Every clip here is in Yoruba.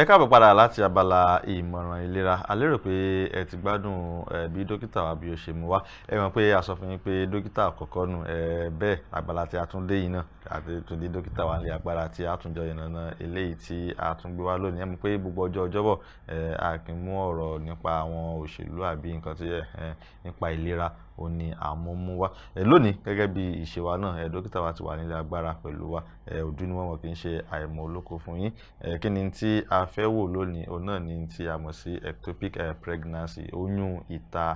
ẹ káàbọ̀ padà láti abala ìmọ̀ràn ìlera a lérò pé ẹ ti gbádùn bí dókítà wa bí o ṣe mú wa ẹ mọ̀ pé a sọ fún yín pé dókítà àkọ́kọ́ nù ẹ bẹ́ẹ̀ abala tí a tún dé yìí náà àti tòní dókítà wa lè agbára tí a tún jọ ìrànà eléyìí tí a tún gbé wá lónìí ẹ mọ̀ pé gbogbo ọjọ́ ọjọ́bọ̀ a kì ọ̀rọ̀ nípa àwọn òṣèlú àbí nǹkan tí nípa ìlera òun ni àmúmú wa lónìí gẹ́gẹ́ bí ìṣe wa náà dókítà wa ti wà nílé agbára pẹ̀lú wa ojú ni wọ́n mọ̀ kì í ṣe àìmọ̀ olóko fún yín kí ni tí a fẹ́ wò lónìí òun náà ni tí a mọ̀ sí ectopic pregnancy oyún ìta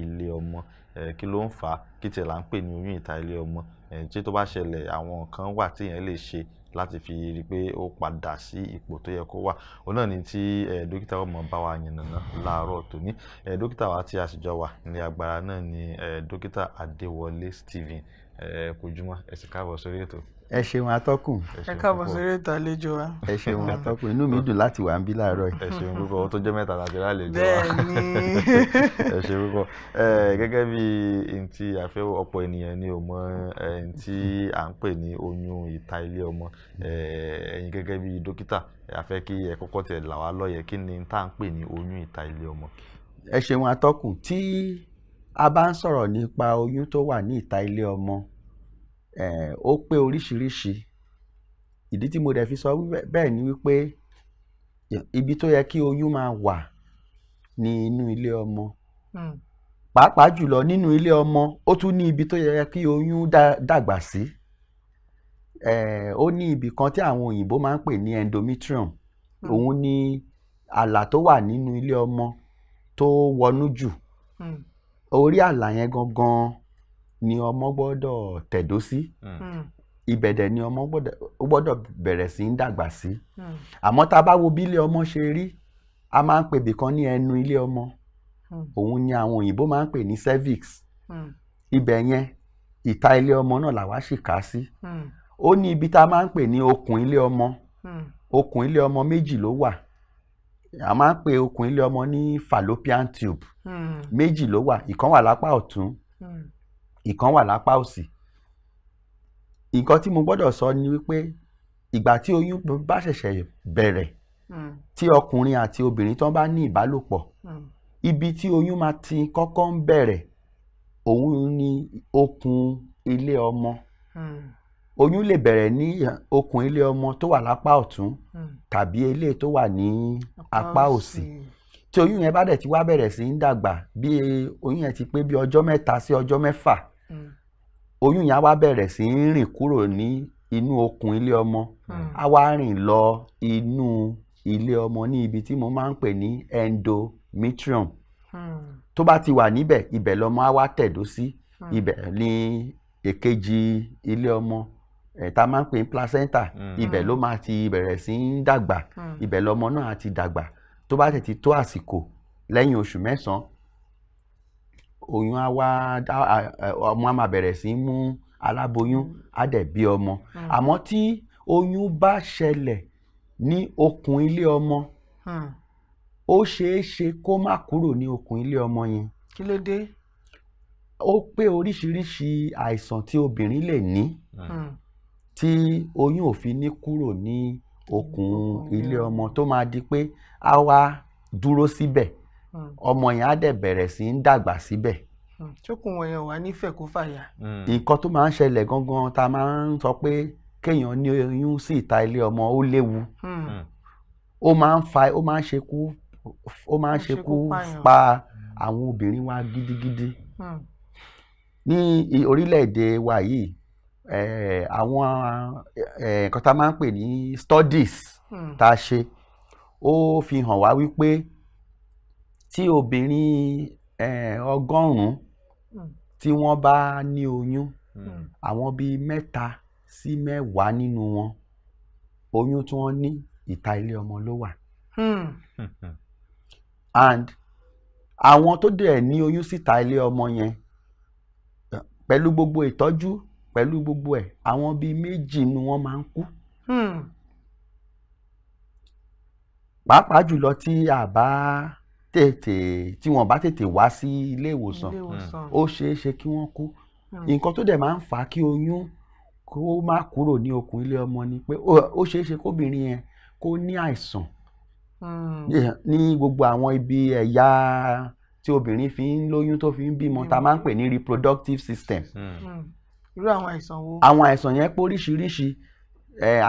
ilé ọmọ kí ló ń fà á kí tiẹ̀ là ń pè ní oyún ìta ilé ọmọ tí tó bá ṣẹlẹ̀ àwọn nǹkan wà tíyẹn lè ṣe láti fi rí i pé ó padà sí ipò tó yẹ kó wà òun náà ni tí dókítà ọmọ bá wa yànnàná láàárọ̀ tòní dókítà wa tí a sì jọ wà ní agbára náà ni dókítà Adéwọlé Stephen kojúmọ́ ẹ sì káàbọ̀ sórí ètò ẹ ṣeun atọ́kùn. ẹ káàbọ̀ sí eré ìtàlejò wa. ẹ ṣeun atọ́kùn inú mi dùn láti wà ń bí láàárọ̀ yìí. ẹ ṣeun púpọ̀ ó tó jẹ́ mẹ́ta láti rálejò wa. bẹ́ẹ̀ni. ẹ ṣeun púpọ̀ gẹ́gẹ́ bí n ti àfẹ́ ọ̀pọ̀ ènìyàn ni ò mọ n tí à ń pè ní oyún ìta ilé ọmọ ẹ̀yin gẹ́gẹ́ bí dókítà àfẹ́ kí ẹ kọ́kọ́ tẹ̀ là wá lóye kí ni tá à ń pè ní oyún ìta ilé ọmọ. ẹ ṣeun atọ́kùn tí a bá ń sọ̀rọ̀ nípa oyún tó wà ní ìta ilé ọmọ Eh, ó pé oríṣiríṣi ìdí tí mo dẹ̀ fi sọ bẹ́ẹ̀ ni wípé ibi tó yẹ kí oyún máa wà ní inú ilé ọmọ hmm. pàápàá jùlọ nínú ilé ọmọ ó tún ní ibi tó yẹ kí oyún dàgbà sí eh, ó ní ibì kan tí àwọn òyìnbó máa ń pè ní endometrium hmm. òun ni àlà tó wà nínú ilé ọmọ tó wọnú jù hmm. orí àlà yẹn gangan ni ọmọ gbọ́dọ̀ tẹ̀dó sí hmm. Hmm. ibẹ̀ dẹ̀ ni ọmọ gbọdọ bẹ̀rẹ̀ sí í dàgbà sí hmm. àmọ́ tá a bá wo bí ilé ọmọ ṣe rí a máa ń pè bìkan ní ẹnu ilé ọmọ òun ni àwọn òyìnbó máa ń pè ní cervix ibẹ̀ yẹn ìta ilé ọmọ náà làwa sì kà á sí ó ní ibi tá a máa ń pè ní okùn ilé ọmọ okùn ilé ọmọ méjì ló wà a máa ń pè okùn ilé ọmọ ní fallopian tube méjì ló wà ìkan wà lápá ọ̀tún ìkan wà lápá òsì nǹkan tí mo gbọ́dọ̀ sọ ni wípé ìgbà tí oyún bá ṣẹ̀ṣẹ̀ bẹ̀rẹ̀ hmm. tí ọkùnrin àti obìnrin tán bá ní ìbálòpọ̀ hmm. ibi tí oyún máa ti kọ́kọ́ ń bẹ̀rẹ̀ òun ni okun ilé ọmọ hmm. oyún lè bẹ̀rẹ̀ ní okùn ilé ọmọ tó wà lápá ọ̀tún tàbí ilé tó wà ní apá òsì tí oyún yẹn bá dẹ̀ ti wá bẹ̀rẹ̀ sí ń dàgbà bí oyún yẹn ti pé bí ọjọ́ mẹ́ta sí ọjọ́ mẹ́fà oyún yẹn á wá bẹ̀rẹ̀ sí í rìn kúrò ní inú okùn ilé ọmọ hmm. á wá rìn lọ inú ilé ọmọ ní ibi tí mo máa ń pè ní endometrium hmm. tó bá ti wà níbẹ̀ ibẹ̀ lọmọ á wá tẹ̀dó sí hmm. ibẹ̀ ní èkejì ilé ọmọ ẹ̀ta máa ń pè ní placenta ibẹ̀ ló máa ti bẹ̀rẹ̀ sí í dàgbà ibẹ̀ lọmọ náà á ti dàgbà tó bá tẹ̀ ti tó àsìkò lẹ́yìn oṣù mẹ́sàn-án oyún á wá ọmọ á máa bẹ̀rẹ̀ sí í mú aláboyún á dẹ̀ bí ọmọ hmm. àmọ́ tí oyún bá ṣẹlẹ̀ ní okùn ilé ọmọ hmm. ó ṣeé ṣe kó má kúrò ní okùn ilé ọmọ yẹn. kí ló dé. ó pé oríṣiríṣi àìsàn tí obìnrin lè ní hmm. tí oyún ò fi ní kúrò ní okùn ilé ọmọ tó máa di pé á wá dúró síbẹ̀. Si Hmm. ọmọ yẹn á dẹ̀ bẹ̀rẹ̀ sí ń dàgbà síbẹ̀. tókùn hmm. wọn yẹn wà nífẹ̀ẹ́ kó fàyà. Hmm. nǹkan tó máa ń ṣẹlẹ̀ gangan tá a máa ń sọ pé kéèyàn ní oyún sí ìta ilé ọmọ ó léwu ó máa ń fa ó máa ń ṣekú ó máa ń ṣekú pa àwọn obìnrin wa gidigidi ní orílẹ̀-èdè wa yìí àwọn nǹkan tá a máa ń pè ní studies tá a ṣe ó fi hàn wá wípé tí obìnrin ọgọ́rùn-ún hmm. tí wọ́n bá ní oyún hmm. àwọn bíi mẹ́ta sí mẹ́wàá nínú wọn oyún tí wọ́n ní ìta ilé ọmọ ló wà. Hmm. and àwọn tó dẹ̀ ní oyún síta ilé ọmọ yẹn pẹ̀lú gbogbo ìtọ́jú pẹ̀lú gbogbo ẹ̀ àwọn bíi méjì ni wọ́n máa ń kú. pàápàá jùlọ tí a bá tètè tí wọ́n bá tètè wá sí ilé ìwòsàn ó ṣeé ṣe kí wọ́n kú hmm. nǹkan tó dẹ̀ máa ń fà á kí oyún kó má kúrò ní okùn ilé ọmọ ni pé ó ṣeé ṣe kóbìnrin yẹn kó ní àìsàn hmm. ní gbogbo àwọn ibi ẹ̀yà tí obìnrin fi ń lóyún tó fi ń bímọ ta máa ń pè ní reproductive system. Hmm. irú àwọn àìsàn wo. àwọn àìsàn yẹn pé oríṣiríṣi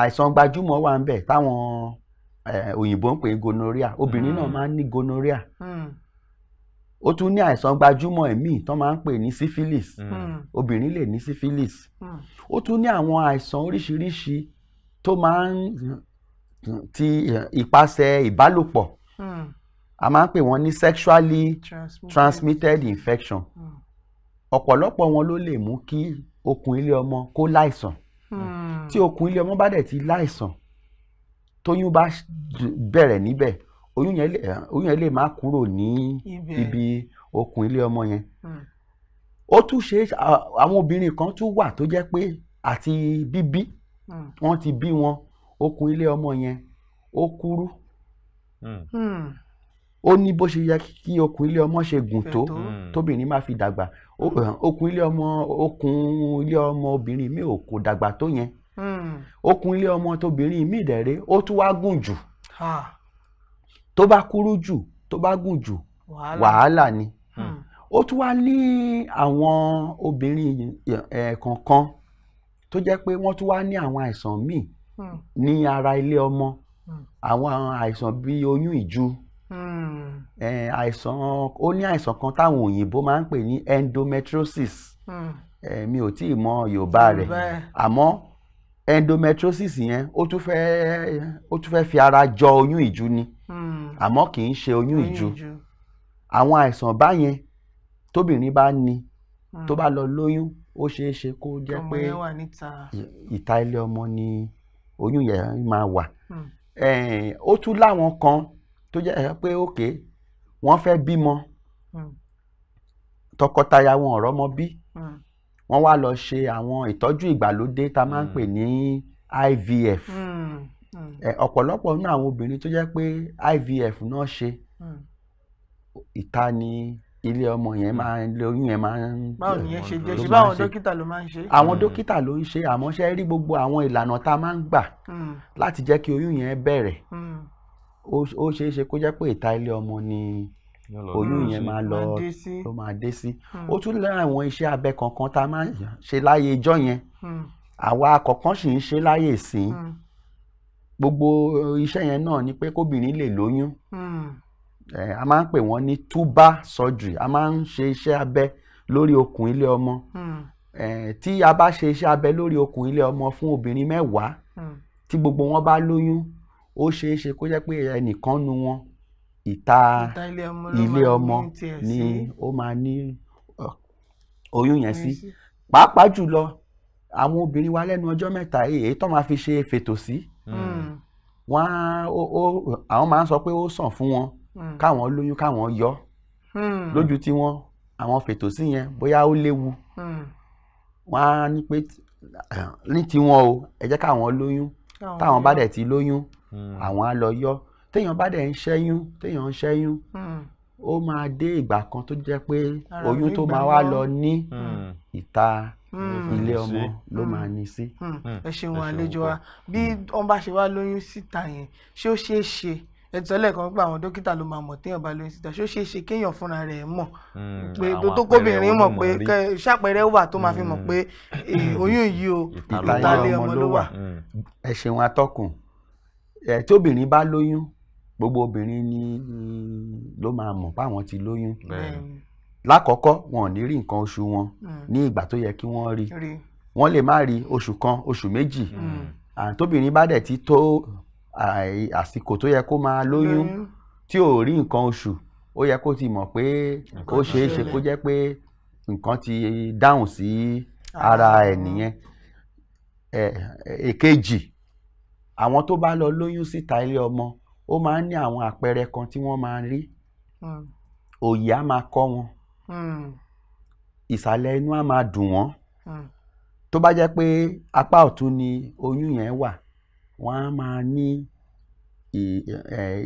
àìsàn gbajúmọ̀ wà ń bẹ táwọn Eh, òyìnbó ń pè é gonorrhea obìnrin náà hmm. máa ń ní gonorrhea hmm. ó tún ní àìsàn gbajúmọ̀ ẹ̀mí tó máa ń pè ní syphilis hmm. obìnrin lè ní syphilis ó tún ní àwọn àìsàn oríṣiríṣi tó máa ń ti ìpasẹ̀ eh, ìbálòpọ̀ a máa ń pè wọ́n ní sexually transmitted, transmitted infection ọ̀pọ̀lọpọ̀ wọn ló lè mú kí okùn ilé ọmọ kó láìsàn tí okùn ilé ọmọ bá dẹ̀ ti láìsàn tóyún bá bẹ̀rẹ̀ níbẹ̀ oyún yẹn lè oyún yẹn má kúrò ní ibi okùn ilé ọmọ yẹn hmm. ó tún ṣe àwọn obìnrin kan tún wà tó jẹ́ pé àti bíbí hmm. wọ́n ti bí wọn okùn ilé ọmọ yẹn ó kúrú hmm. ó ní bó ṣe yẹ kí okùn ilé ọmọ ṣe gùn tó tóbìnrin máa fi dàgbà okùn ilé ọmọ okùn ilé ọmọ obìnrin mi ò kò dàgbà tó yẹn Hmm. okùn ilé ọmọ tóbìnrin mi ìdẹ̀rẹ́ ó tún wá gùn jù tó bá kúrú jù tó bá gùn jù wàhálà ni hmm. ó tún wá ní àwọn obìnrin kọ̀ọ̀kan tó jẹ́ pé wọ́n tún wá ní àwọn àìsàn míì hmm. ní ara ilé ọmọ àwọn àìsàn bíi oyún ìju àìsàn ó ní àìsàn kan táwọn òyìnbó máa ń pè ní endometriosis mi ò tí ì mọ Yorùbá rẹ̀ àmọ́ endometriosis yẹn ó tún fẹ́ ó tún fẹ́ fi ara jọ oyún ìju ni hmm. àmọ́ kì í ṣe oyún ìju àwọn àìsàn báyẹn tóbìnrin bá ní tó hmm. bá lọ lóyún ó ṣeé ṣe kó jẹ́ pé ìta ilé ọmọ ni oyún yẹn máa wà hmm. ó tún láwọn kan tó jẹ́ pé òkè wọ́n fẹ́ bímọ tọkọtaya wọn ọ̀rọ̀ mọ bí wọ́n wá lọ ṣe àwọn ìtọ́jú ìgbàlódé tá a máa ń pè hmm. ní IVF hmm. hmm. ọ̀pọ̀lọpọ̀ nínú àwọn obìnrin tó jẹ́ pé IVF náà ṣe ìta ni ilé ọmọ yẹn máa ń lóyún yẹn máa ń. báwo ni yẹn ṣe jẹ́ ṣe báwọn dókítà ló máa ń ṣe. àwọn dókítà ló ń ṣe àmọ́ ṣe rí gbogbo àwọn ìlànà tá a máa ń gbà láti jẹ́ kí oyún yẹn bẹ̀rẹ̀ ó ṣeé ṣe kó jẹ́ pé ìta ilé ọmọ ni oyún yẹn máa lọ ló máa dé sí hmm. ó tún lára àwọn iṣẹ́ abẹ kankan tá a máa ṣe láyé ijọ́ yẹn hmm. àwa kọ̀ọ̀kan sì ń ṣe láyè sí hmm. gbogbo iṣẹ́ yẹn náà ni pé kóbìnrin lè lóyún a máa ń pè wọ́n ní tuba surgery a máa ń ṣe iṣẹ́ abẹ lórí okùn ilé ọmọ tí a bá ṣe iṣẹ́ abẹ lórí okùn ilé ọmọ fún obìnrin mẹ́wàá tí gbogbo wọn bá lóyún ó ṣeé ṣe kó jẹ́ pé ẹnìkan nu wọn ìta ilé ọmọ ni ó máa ní oyún yẹn sí pàápàá jùlọ àwọn obìnrin wa lẹ́nu ọjọ́ mẹ́ta èyí tó máa fi ṣe fètò sí hmm. wọn àwọn máa ń sọ pé ó sàn fún wọn hmm. káwọn lóyún káwọn yọ hmm. lójú tí wọn àwọn fètò sí yẹn bóyá ó léwu wọn á ní pé ní tiwọn o ẹ jẹ́ káwọn lóyún táwọn bá dẹ̀ ti lóyún àwọn á lọ yọ téèyàn bá dẹ̀ ń ṣẹ́yún téèyàn ń ṣẹ́yún hmm. ó máa dé ìgbà kan tó jẹ́ pé oyún tó máa wá lọ ní hmm. ìta hmm. ilé ọmọ ló máa ní sí. ẹ ṣeun àlejò wa bí wọn bá ṣe wá lóyún síta yẹn ṣé ó ṣeé ṣe ẹtọ́lẹ̀ kan pé àwọn dókítà ló máa mọ̀ téèyàn bá lóyún síta ṣó ṣeé ṣe kéèyàn fúnra rẹ̀ mọ̀ pé tó kóbìnrin mọ̀ pé ṣàpẹẹrẹ wà tó máa fi mọ̀ pé oyún yìí o ìtàlẹ́ ọmọ ló wà. ẹ ṣeun atọ́kùn tóbìnrin bá lóyún gbogbo obìnrin ni ló máa mọ̀ páwọn ti lóyún lákọ̀ọ́kọ́ wọn ò ní rí nǹkan oṣù wọn hmm. ní ìgbà tó yẹ kí wọ́n rí wọ́n lè má rí oṣù kan oṣù méjì àtòbìnrin hmm. bá dẹ̀ ti tó àsìkò tó yẹ kó máa lóyún tí ò rí nǹkan oṣù ó yẹ kó ti mọ̀ pé ó ṣeé ṣe kó jẹ́ pé nǹkan ti dáhùn sí ara ah. ẹ̀ nìyẹn èkejì àwọn tó bá lọ lóyún síta ilé ọmọ ó máa ń ní àwọn àpẹẹrẹ kan tí wọ́n máa ń rí hmm. òye á máa kọ́ wọn hmm. ìsàlẹ̀ inú á máa dùn wọ́n hmm. tó bá jẹ́ pé apá ọ̀tún ni oyún yẹn wà wọ́n á máa ní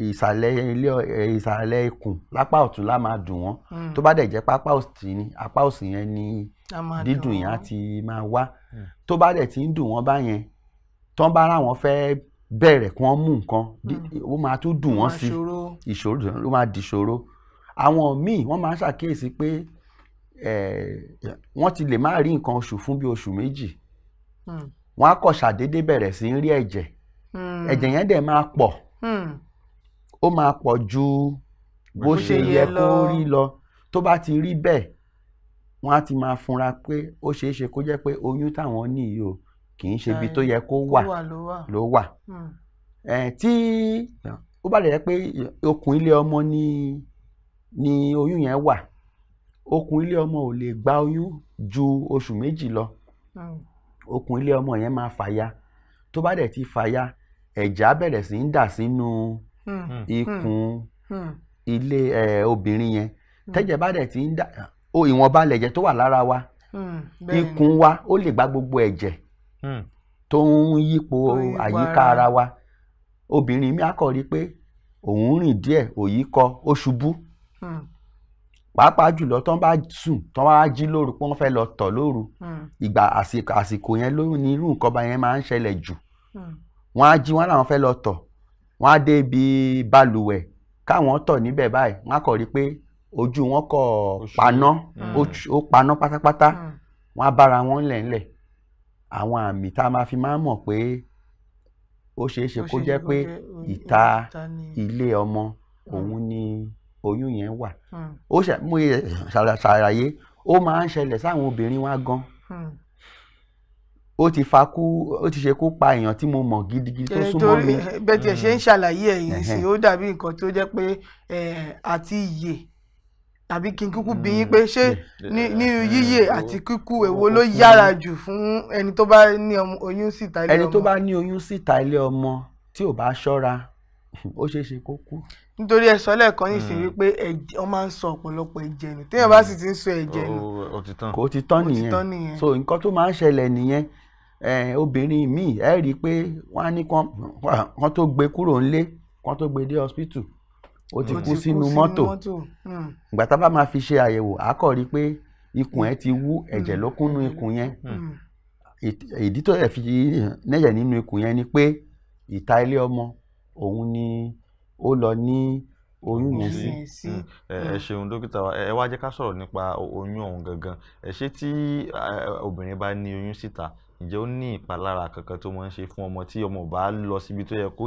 ìsàlẹ̀ ilé ìsàlẹ̀ ikùn lápá ọ̀tún lá máa dùn wọ́n tó bá dẹ̀ jẹ́ pápá òsì ni apá òsì yẹn ni dídùn yẹn á ti máa wá tó bá dẹ̀ ti ń dùn wọ́n báyẹn tán bá ráwọn fẹ́ bẹ̀rẹ̀ kí wọ́n mú nǹkan hmm. ó máa tún dùn wọ́n sí ìṣòro ló máa di ìṣòro àwọn míì wọ́n máa ń ṣàkíyèsí pé wọ́n ti lè má rí nǹkan oṣù fún bí oṣù méjì hmm. wọ́n á kọ̀ ṣàdédé bẹ̀rẹ̀ sí í rí ẹ̀jẹ̀ hmm. ẹ̀jẹ̀ yẹn dẹ̀ máa pọ̀ ó máa pọ̀ ju bó ṣe yẹ kó rí lọ tó bá ti rí bẹ́ẹ̀ wọ́n á ti máa funra pé ó ṣeé ṣe kó jẹ́ pé oyún táwọn ní yìí o. Hmm kì í ṣe ibi tó yẹ kó wà ló wà hmm. tí ó bá dẹ̀ jẹ́ pé okùn ilé ọmọ ni ni oyún yẹn wà okùn ilé ọmọ ò lè gba oyún ju oṣù méjì lọ hmm. okùn ilé ọmọ yẹn máa fàya tó bá dẹ̀ ti fàya ẹ̀já bẹ̀rẹ̀ sí ń dà sínú hmm. ikùn ilé obìnrin yẹn tẹ́jẹ̀ bá dẹ̀ ti ń dà ìwọ̀nba lẹ̀jẹ̀ tó wà lára wa ikùn wa ó lè gba gbogbo ẹ̀jẹ̀ Hmm. tó ń yípo àyíká ara wa obìnrin mi á kọ̀ rí pé òun rìn díẹ̀ òyì kọ ó ṣubú hmm. pàápàá jùlọ tán bá sùn tán wá jí lóru pé wọ́n fẹ́ lọ tọ̀ lóru hmm. ìgbà àsìkò yẹn ló ní irú nǹkan bá yẹn máa ń ṣẹlẹ̀ jù wọ́n á jí wọ́n làwọn fẹ́ lọ tọ̀ wọ́n á dé ibi balùwẹ̀ káwọn tọ̀ níbẹ̀ báyìí wọ́n á kọ̀ rí pé ojú wọn kọ̀ paná ó paná pátápátá wọ́n á bára wọn lẹ̀ ńlẹ̀ àwọn àmì tá a máa fi máa mọ̀ pé ó ṣeé ṣe kó jẹ́ pé ìta ilé ọmọ hmm. òun ni oyún yẹn wà hmm. ó mú ṣàlàyé ó máa ń ṣẹlẹ̀ sáwọn obìnrin wa gan hmm. ó ti fa kú ó ti ṣe kú pa èèyàn tí mo mọ̀ gidigidi tó eh, súnmọ́ mi. Eh, bẹ́ẹ̀ tiẹ̀ ṣe ń ṣàlàyé ẹ̀yìn sí ó dàbí nǹkan tó jẹ́ pé eh, àti ìyè tàbí kí n kúkú bí yín mm. pé ṣé ní yíyè àti oh. kíkú oh, èwo oh, ló yára jù fún ẹni tó bá ní oyún síta ilé ọmọ. ẹni tó bá ní oyún síta ilé ọmọ tí ò bá ṣọ́ra ó ṣeé ṣe kó kú. nítorí ẹ̀sọ́ lẹ́ẹ̀kan ní ìsìn mm. wípé ẹ̀jẹ̀ wọ́n máa ń sọ ọ̀pọ̀lọpọ̀ ẹ̀jẹ̀ nù téèyàn bá sì ti ń sọ ẹ̀jẹ̀ nù. kò ti tán nìyẹn so nǹkan tó máa ń ṣẹlẹ̀ nìyẹn obìnrin míì ẹ̀ rí i pé wọ́n á ní kán tó gbé kúrò ńlé kán tó gbé dé hospital O ti kú sínú mọ́tò hmm. ìgbà tá a bá máa fi ṣe àyẹ̀wò a kò rí pé ikùn ẹ̀ ti wú hmm. ẹ̀jẹ̀ ló kúnnú hmm. ikùn yẹn ìdí tó ẹ̀ fi nẹ́jẹ̀ nínú ikùn yẹn ni pé ìta ilé ọmọ òun ni ó lọ ní oyún yẹn sí. ẹ ṣeun dókítà wa ẹ wá jẹ́ ká sọ̀rọ̀ nípa oyún ọ̀hún gangan ẹ ṣé tí obìnrin bá ní oyún síta ǹjẹ́ ó ní ìpalára kankan tó máa ń ṣe fún ọmọ tí ọmọ bá lọ síbi tó yẹ kó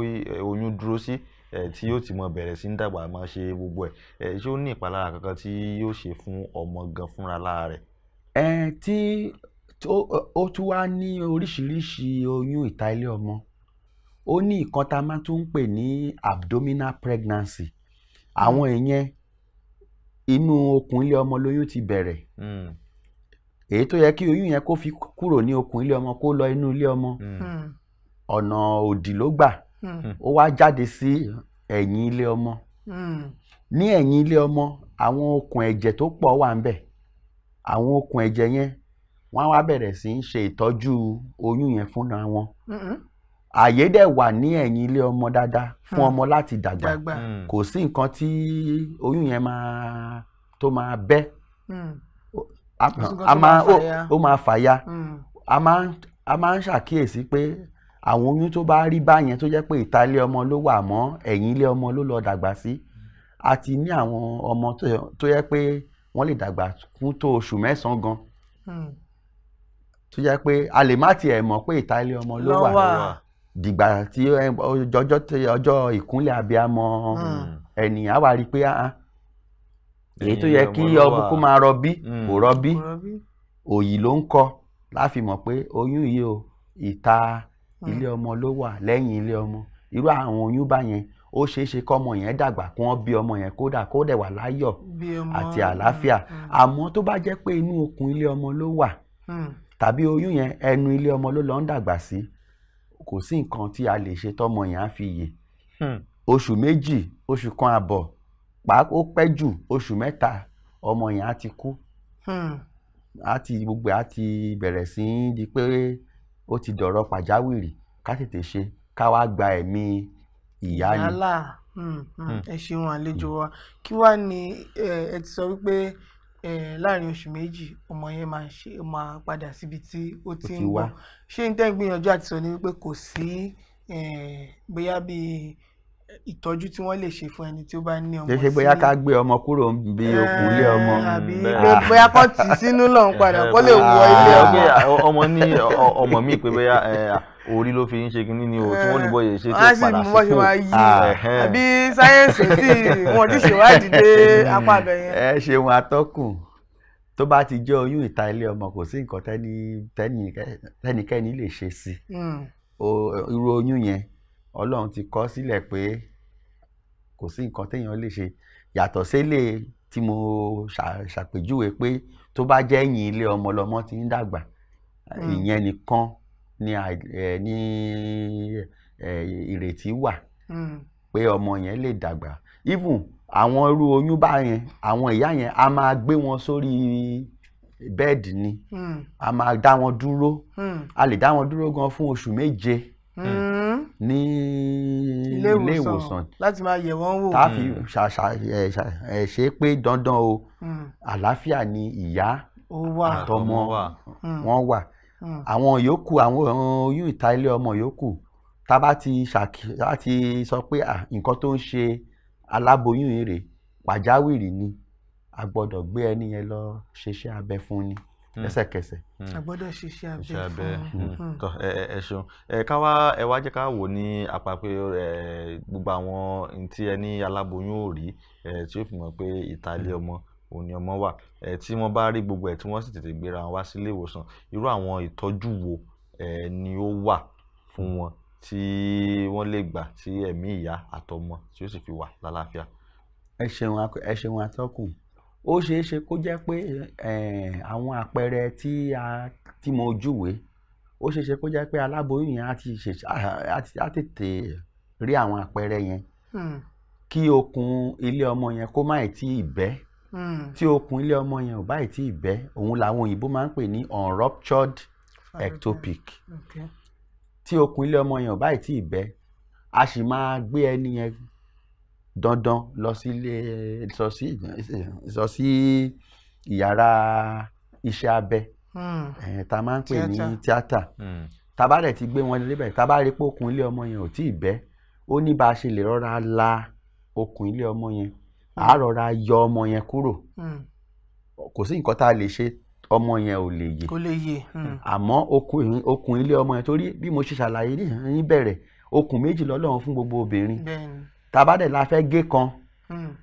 oyún dúró sí tí yóò ti mọ bẹ̀rẹ̀ sí ń dàgbà máa ṣe gbogbo ẹ̀ ṣé ó ní ìpalára kankan tí yóò ṣe fún ọmọ gan fúnra lára rẹ̀. tí ó tún wá ní oríṣiríṣi oyún ìta ilé ọmọ ó ní nǹkan tá a máa tún ń pè ní abdominal pregnancy àwọn ìyẹn inú okùn ilé ọmọ lóyún ti bẹ̀rẹ̀ hmm. èyí tó yẹ kí oyún yẹn kó fi kúrò ní okùn ilé ọmọ kó lọ inú ilé ọmọ hmm. Hmm. ọ̀nà òdì ló gbà Hmm. Hmm. ó wá jáde sí ẹ̀yìn ilé ọmọ hmm. ní ẹ̀yìn ilé ọmọ àwọn okùn ẹ̀jẹ̀ tó pọ̀ wà ń bẹ̀ àwọn okùn ẹ̀jẹ̀ yẹn wọ́n á wá bẹ̀rẹ̀ sí í ṣe ìtọ́jú oyún yẹn fúnra wọn àyè dẹ̀ wà ní ẹ̀yìn ilé ọmọ dáadáa fún ọmọ láti dàgbà kò sí nǹkan tí oyún yẹn tó máa bẹ́ a máa fàya a máa ń ṣàkíyèsí pé àwọn oyún tó bá rí báyẹn tó jẹ́ pé ìta ilé ọmọ ló wà mọ́ ẹ̀yìn ilé ọmọ ló lọ dàgbà sí a ti ní àwọn ọmọ tó yẹ pé wọ́n lè dàgbà kú tó oṣù mẹ́sàn-án gan hmm. tó yẹ pé a lè má tiẹ̀ mọ̀ pé ìta ilé ọmọ ló wà dìgbà tí ọjọ́ ìkúnlẹ̀ abiyamọ hmm. ẹni á wá rí i pé ah, ah. èyí tó yẹ kí ọmọ kó máa hmm. rọbí kò rọbí òyì ló ń kọ láfi mọ̀ pé oyún yìí o ìta. Hmm. ilé ọmọ ló wà lẹ́yìn ilé ọmọ irú àwọn oyún bá yẹn ó ṣeé ṣe kọ́mọ yẹn dàgbà kí wọ́n bí ọmọ yẹn kódà kó dẹ̀ wà láyọ̀ àti àlàáfíà hmm. àmọ́ tó bá jẹ́ pé inú okùn ilé ọmọ ló wà hmm. tàbí oyún yẹn ẹnu ilé ọmọ ló lọ ń dàgbà sí kò sí nǹkan tí a lè ṣe tọ́mọ yẹn á fi yè oṣù méjì oṣù kan àbọ̀ pàápàá ó jù oṣù mẹ́ta ọmọ yẹn á ti kú á ti gbogbo á ti bẹ̀rẹ̀ sí í di pé ó ti dọ̀rọ̀ pàjáwìrì ká tètè ṣe ká wá gba ẹ̀mí ìyá ni. yálà hmm, hmm, hmm. ẹ ṣeun àlejò wa kí wàá ní ẹ ti sọ wípé láàrin oṣù méjì ọmọ yẹn máa ṣe máa padà síbi tí ó ti ń bọ̀ ṣé n tẹ́ gbìyànjú àti sọ ni wípé kò sí bóyá bíi ìtọ́jú tí wọ́n lè ṣe fún ẹni tí ó bá ní ọmọ sí. ṣe bóyá ká gbé ọmọ kúrò bí okùn ilé ọmọ. bóyá kàn tì sínú lọ́n padà kó lè wọ ah. ilé ọmọ. Ah, ọmọ ní ọmọ mi pé bóyá orí ló fi ń ṣe kínní ni o tí wọ́n ní bọ́ yẹn ṣe tó padà sí fún. wọ́n á sì mú bọ́ ṣe máa yí ah, àbí sáyẹ́ǹsì tí wọ́n ti ṣèwádìí dé apá yẹn. ẹ ṣeun atọ́kùn tó bá ti jẹ́ oyún ìta ilé ọmọ kò sí nǹkan tẹ́nikẹ́ni lè ṣe sí hmm. irú oyún yẹn ọlọ́run ti kọ sílẹ̀ pé kò sí nǹkan téèyàn lè ṣe yàtọ̀ sílẹ̀ tí mo ṣàpèjúwe pé tó bá jẹ́ ẹ̀yìn ilé ọmọ lọmọ ti ń dàgbà hmm. ìyẹn nìkan ni ìrètí wà hmm. pé ọmọ yẹn lè dàgbà even àwọn irú oyún bá yẹn àwọn ìyá yẹn a máa gbé wọn sórí bẹ́ẹ̀dì ni hmm. a máa dá wọn dúró a lè dá wọn dúró gan fún oṣù méje. Mm ní ilé ìwòsàn láti máa yẹ̀ wọ́n wò. tá a fi ṣe pé dandan o hmm. àlàáfíà ni ìyá àtọmọ wọn wà hmm. hmm. àwọn yòókù àwọn oyún ìta ilé ọmọ yòókù tá a bá ti sọ pé nǹkan tó ń ṣe aláboyún rèé pàjáwìrì ni a gbọ́dọ̀ gbé ẹni yẹn lọ ṣeṣẹ́ abẹ fún ni. Mm. lẹ́sẹ̀kẹsẹ̀. Mm. a gbọ́dọ̀ ṣiṣẹ́ abẹ fún mm. tọ ẹ ṣeun ká wá ẹ wá jẹ́ ká wò ní àpapẹ gbogbo àwọn tí ẹ ní aláboyún ò rí tí ó fi mọ̀ pé ìtàlẹ̀ ọmọ òní ọmọ wà tí wọ́n bá rí gbogbo ẹ̀ tí wọ́n sì tètè gbéra wá sílé ìwòsàn irú àwọn ìtọ́jú wo ni ó wà fún wọn tí wọ́n lè gbà tí ẹ̀mí ìyá àtọmọ tí ó sì fi wà lálàáfíà. ẹ ṣeun atọ́kùn ó ṣeé ṣe kó jẹ́ pé àwọn àpẹẹrẹ tí a tí mo júwe ó ṣeé ṣe kó jẹ́ pé aláboyún yẹn á ti tètè rí àwọn àpẹẹrẹ yẹn hmm. kí okùn ilé ọmọ yẹn kó má ì tí ì bẹ́ hmm. tí okùn ilé ọmọ yẹn ò bá ì tí ì bẹ́ òun làwọn òyìnbó máa ń pè ní unruptured ectopic tí okùn ilé ọmọ yẹn ò bá ì tí ì bẹ́ a sì máa gbé ẹni yẹn dandan lọ sí ilé lọ sí lọ sí ìyàrá iṣẹ́ abẹ hmm. tá a máa ń pè ní tíátà tábà rẹ̀ hmm. ti gbé wọn lébẹ̀ tábà rí pé okùn ilé ọmọ yẹn ò tí ì bẹ́ ó ní bá a ṣe lè rọra la okùn ilé ọmọ yẹn à á hmm. rọra yọ ọmọ yẹn kúrò kò sí nǹkan tá a lè ṣe ọmọ yẹn ò lè yè kò lè yè àmọ́ okùn ilé ọmọ yẹn torí bí mo ṣe ṣàlàyé ní bẹ̀rẹ̀ okùn méjì lọ́lọ́run fún gbogbo obìnrin tàbá dẹ̀ la fẹ́ gé kan hmm.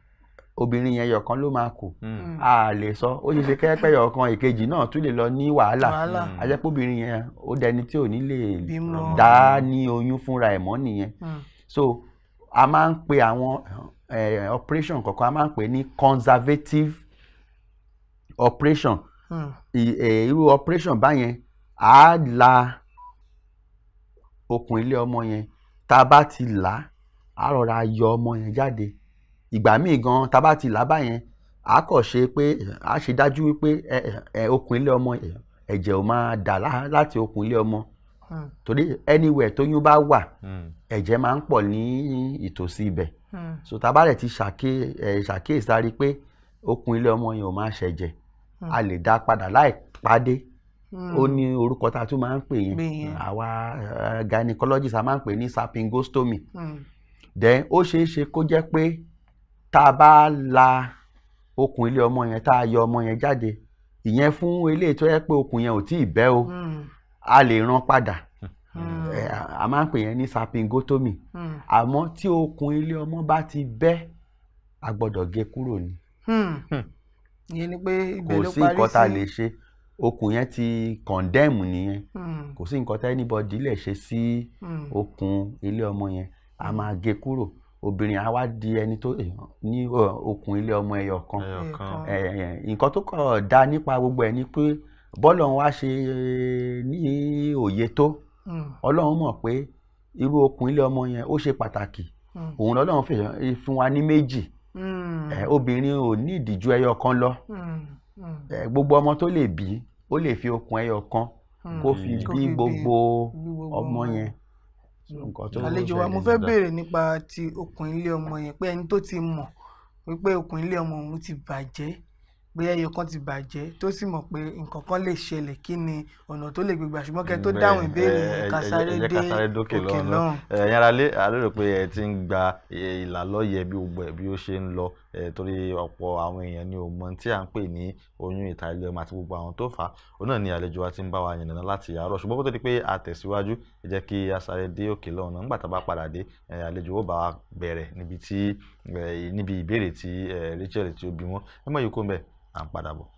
obìnrin yẹn yọ̀kan ló máa kù hmm. Hmm. a lè sọ ó ṣe ṣe kẹ́pẹ́ yọ̀kan èkejì náà tún lè lọ ní wàhálà a jẹ́ pé obìnrin yẹn ó dẹni tí ò ní lè dá ní oyún fúnra ẹ̀ mọ́ nìyẹn so a máa ń pe àwọn eh, operation kọ̀ọ̀kan a máa ń pè ní conservative operation eh, irú mm. operation báyẹn á la okùn ilé ọmọ yẹn tá a bá ti là á á rọra yọ ọmọ yẹn jáde ìgbà míì gan tá bá ti là bá yẹn á kọ̀ ṣe pé á ṣe dájú wípé okùn ilé ọmọ ẹ̀jẹ̀ ò máa dà láti okùn ilé ọmọ hmm. torí anywhere tóyún bá wà hmm. ẹ̀jẹ̀ máa ń pọ̀ ní ìtòsí ibẹ̀ hmm. so tá bá rẹ̀ ti ṣàkíyèsí la rí i pé okùn ilé ọmọ yẹn ò máa ṣẹ̀jẹ̀ a lè dá padà láì pàdé ó ní orúkọ tá a tún máa ń pè yẹn àwa gynecologist a máa ń pè ní sapingostomy. Mm then ó ṣeé ṣe kó jẹ́ pé tá a bá la okùn ilé ọmọ yẹn tá a yọ ọmọ yẹn jáde ìyẹn fún eléyìí tó yẹ pé okùn yẹn ò tíì bẹ́ o a lè rán padà hmm. eh, a máa ń pè yẹn ní sapingotomy hmm. àmọ́ tí okùn ilé ọmọ bá ti bẹ́ a gbọ́dọ̀ gé kúrò ni. Hmm. ìyẹn ni pé ibẹ̀ ló parí sí kò sí nǹkan tá a lè ṣe okùn yẹn ti condemn nìyẹn kò sí nǹkan tá anybody lè ṣe sí okùn ilé ọmọ yẹn a máa gé kúrò obìnrin á wá di ẹni tó eh, ní eh, okùn ilé ọmọ ẹyọ kan eh, nǹkan tó kọ̀ dá nípa gbogbo ẹ̀ ni pé bọ́lọ́run wá ṣe ní òye tó hmm. ọlọ́run mọ̀ pé irú okùn ilé ọmọ yẹn ó ṣe pàtàkì hmm. òun lọ́lọ́run fún wa ní méjì hmm. obìnrin ò ní ìdíjú ẹyọ kan lọ gbogbo ọmọ tó lè bí ó lè fi okùn ẹyọ kan kó fi bí gbogbo ọmọ yẹn Hmm. àlejò wa mo fẹ́ béèrè nípa ti okùn ilé ọmọ yẹn pé ẹni tó ti mọ̀ wípé okùn ilé ọmọ òun ti bàjẹ́ pé ẹyọ kan ti bàjẹ́ tó sì mọ̀ pé nǹkan kan lè ṣẹlẹ̀ kí ni ọ̀nà tó lè gbégbà ṣùgbọ́n kẹ́ tó hmm. dáhùn ìbéèrè yẹn eh, eh, dé òkè lọ́hùn. Eh, ẹ̀yin ara lè rò pé ẹ ti ń gba ìlàlọ́yẹ̀ bí gbogbo ṣe ń lọ Eh, torí ọ̀pọ̀ àwọn èèyàn ni ò mọ tí à ń pè ní oyún ìta ilé ọmọ àti gbogbo àwọn tó fà á òun náà ni àlejò wa ti ń bá wa yànnàná láti àárọ̀ ṣùgbọ́n kó tó di pé a tẹ̀síwájú ẹ jẹ́ kí a sáré dé òkè lọ́hùn náà nígbà tá a bá padà dé àlejò ó bá wa bẹ̀rẹ̀ níbi ìbéèrè tí Rachel tí ó wọn ẹ mọ̀ yìí kó ń bẹ̀ à ń padà bọ̀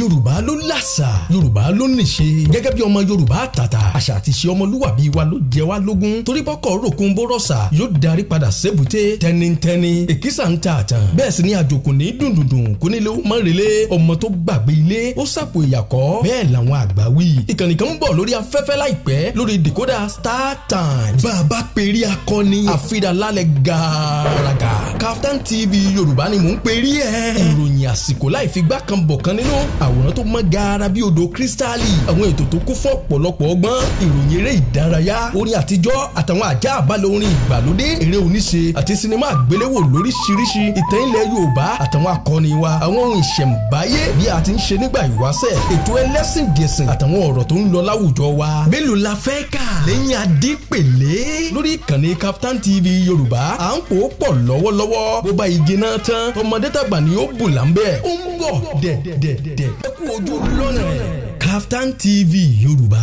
yorùbá ló làṣà yorùbá ló níṣe gẹ́gẹ́ bí ọmọ yorùbá àtàtà àṣà àti ṣe ọmọlúwàbí wa ló jẹ wá lógún torí bọ́kọ̀ ròkun bórọ̀ṣà yóò darí padà sébùté tẹnitẹni èkìsà ń ta àtàn bẹ́ẹ̀ sì ni àjòkò ní dùndùndùn kó nílé ó mọ̀rẹ́lé ọmọ tó gbàgbé ilé ó sàpò ìyàkọ́ bẹ́ẹ̀ làwọn àgbà wí ìkànnì kan ń bọ̀ lórí afẹ́fẹ́ láìpẹ́ lórí decoder star time bàbá perí akọni àfidàlálẹ̀ gàràgà Captain TV yorùbá ni mò ń perí ẹ̀ ìròyìn àsìkò láì fi gbá kan bọ̀ kan nínú àwọn àwòrán tó mọ́ gaara bí odò kírísítálì àwọn ètò tó kún fún ọ̀pọ̀lọpọ̀ ọgbọ́n ìròyìn eré ìdárayá orin àtijọ́ àtàwọn àjá àbálẹ̀ orin ìgbàlódé eré oníṣe àti sinimá àgbéléwò lóríṣiríṣi ìtàn ilẹ̀ Yorùbá àtàwọn akọni wa àwọn ohun ìṣẹ̀ǹbáyé bí a ti ń ṣe nígbà ìwáṣẹ̀ ètò ẹlẹ́sìn dẹ̀sìn àtàwọn ọ̀rọ̀ tó ń lọ láwùjọ wa mélòó la fẹ́ kà lẹ́yìn adépèlé lórí ìkànnì Kaftan TV Yorùbá à ń pò ó pọ̀ lọ́wọ́lọ́wọ́ bó bá igi náà tán tọmọdé tàgbà ni ó bù láńbẹ́ ó ń bọ̀ dẹ̀dẹ̀dẹ̀ kú ojú lọ́nà rẹ̀. Kaftan TV Yorùbá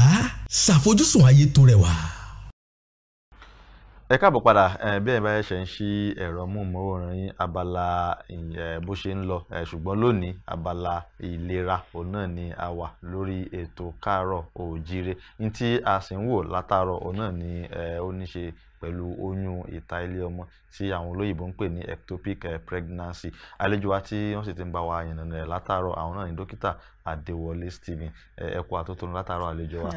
ṣàfojúsùn ayé tó rẹwà. ẹ káàbọ̀ padà bí ẹ̀ bá ẹ̀ ṣe ń ṣí ẹ̀rọ amóhùnmáwòrán yín abala bó ṣe ń lọ ṣùgbọ́n lónìí abala ìlera òun náà ni a wà lórí ètò káàárọ̀ oòjíire ní tí a sì ń wò látàárọ̀ òun náà ni ó ní ṣe pẹ̀lú oyún ìta ilé ọmọ tí àwọn olóyìnbó ń pè ní ectopic eh, pregnancy àlejò wa tí wọ́n sì ti ń bá wa yànnàná rẹ̀ látàárọ̀ àwọn náà ní dókítà Adéwọlé Stephen ẹ kú àtótónu látàárọ̀ àlejò wa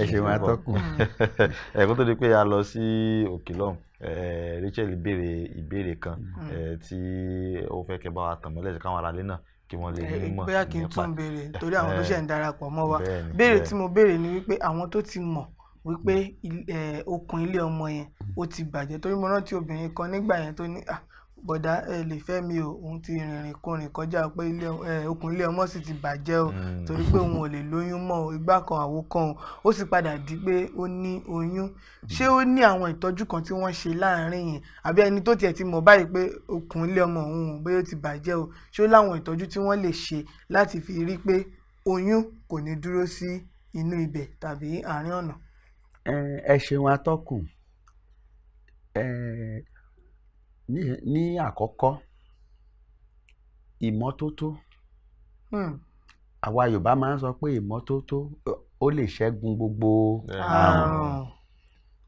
ẹ ṣe wọn atọ́kùn ẹ tó di pé a lọ sí òkè lọ́hùn Rachel béèrè ìbéèrè kan mm. tí ó fẹ́ kẹ́ bá wa tàn mọ́lẹ̀ káwọn aráalé náà kí wọ́n lè ní mọ̀ nípa bóyá kí n tún béèrè torí àwọn tó ṣẹ̀ ń darapọ̀ mọ́ wa béèrè tí mo béèrè ni wípé àwọn tó ti mọ̀ wípé okùn ilé ọmọ yẹn ó ti bàjẹ́ torí mo rántí obìnrin kan nígbà yẹn tó ní bọ̀dá ẹ lè fẹ́ mi o òun ti rìnrìn kùnrin kọjá pé okùn ilé ọmọ sì ti bàjẹ́ o hmm. torí pé òun ò lè lóyún mọ́ o ìgbà kan àwo kan o ó sì padà di pé ó ní oyún ṣé ó ní àwọn ìtọ́jú kan tí wọ́n ṣe láàárín yẹn àbí ẹni tó tiẹ̀ ti mọ̀ báyìí pé okùn ilé ọmọ òun ò bóyá ó ti bàjẹ́ o ṣé ó láwọn ìtọ́jú tí wọ́n lè ṣe láti fi rí pé oyún kò ní dúró sí inú ibẹ̀ tàbí àárín ọ̀nà ẹ ṣeun atọ́kùn ní àkọ́kọ́ ìmọ́tótó hmm. àwa Yorùbá máa ń sọ pé ìmọ́tótó ó lè ṣẹ́gun gbogbo àrùn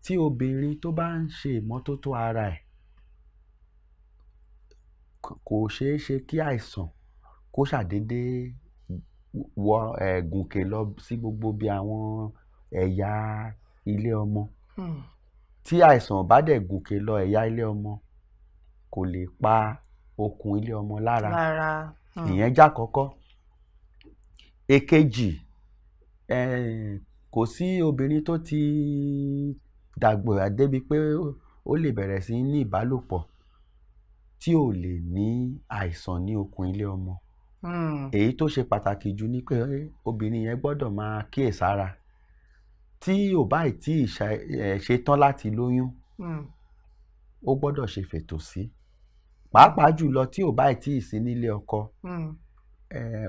tí obìnrin tó bá ń ṣe ìmọ́tótó ara ẹ̀ kò ṣeé ṣe kí àìsàn kó ṣàdédé wọ ẹ̀ gùnkè lọ sí gbogbo bí àwọn ẹ̀yà ilé ọmọ mm. tí àìsàn bá dẹ̀ gòkè lọ ẹ̀yà ilé ọmọ kò lè pa okùn ilé ọmọ lára hmm. ìyẹn já kọ́kọ́ èkejì kò sí obìnrin tó ti dàgbòrà débi pé ó lè bẹ̀rẹ̀ sí ní ìbálòpọ̀ tí ò lè ní àìsàn ní okùn ilé ọmọ hmm. èyí tó ṣe pàtàkì jù ni pé obìnrin yẹn gbọ́dọ̀ máa kíyèsára tí ò báyìí tí ṣe tán láti lóyún hmm. ó gbọ́dọ̀ ṣe fètò sí pàápàá jùlọ tí ò báyìí tí sí nílé ọkọ hmm.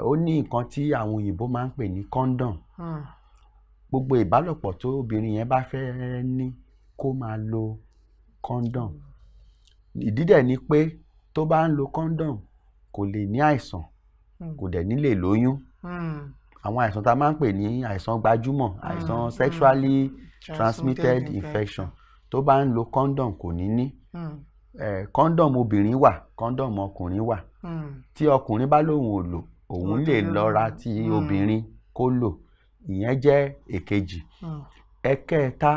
ó ní nǹkan tí àwọn òyìnbó máa ń pè ní condom hmm. gbogbo ìbálòpọ̀ tó obìnrin yẹn bá fẹ́ ní kó máa lo condom ìdí dẹ̀ ni pé tó bá ń lo condom kò lè ní àìsàn kò dẹ̀ ní lè lóyún àwọn àìsàn tá a máa ń pè ní àìsàn gbajúmọ̀ ah, àìsàn mm. sexually transmitted infection tó bá ń lo condom kò ní ní hmm. eh, condom obìnrin wà condom ọkùnrin wà hmm. tí ọkùnrin bá lóun ò lò òun lè lọ ra ti obìnrin kó lò ìyẹn jẹ́ èkejì hmm. ẹ̀kẹta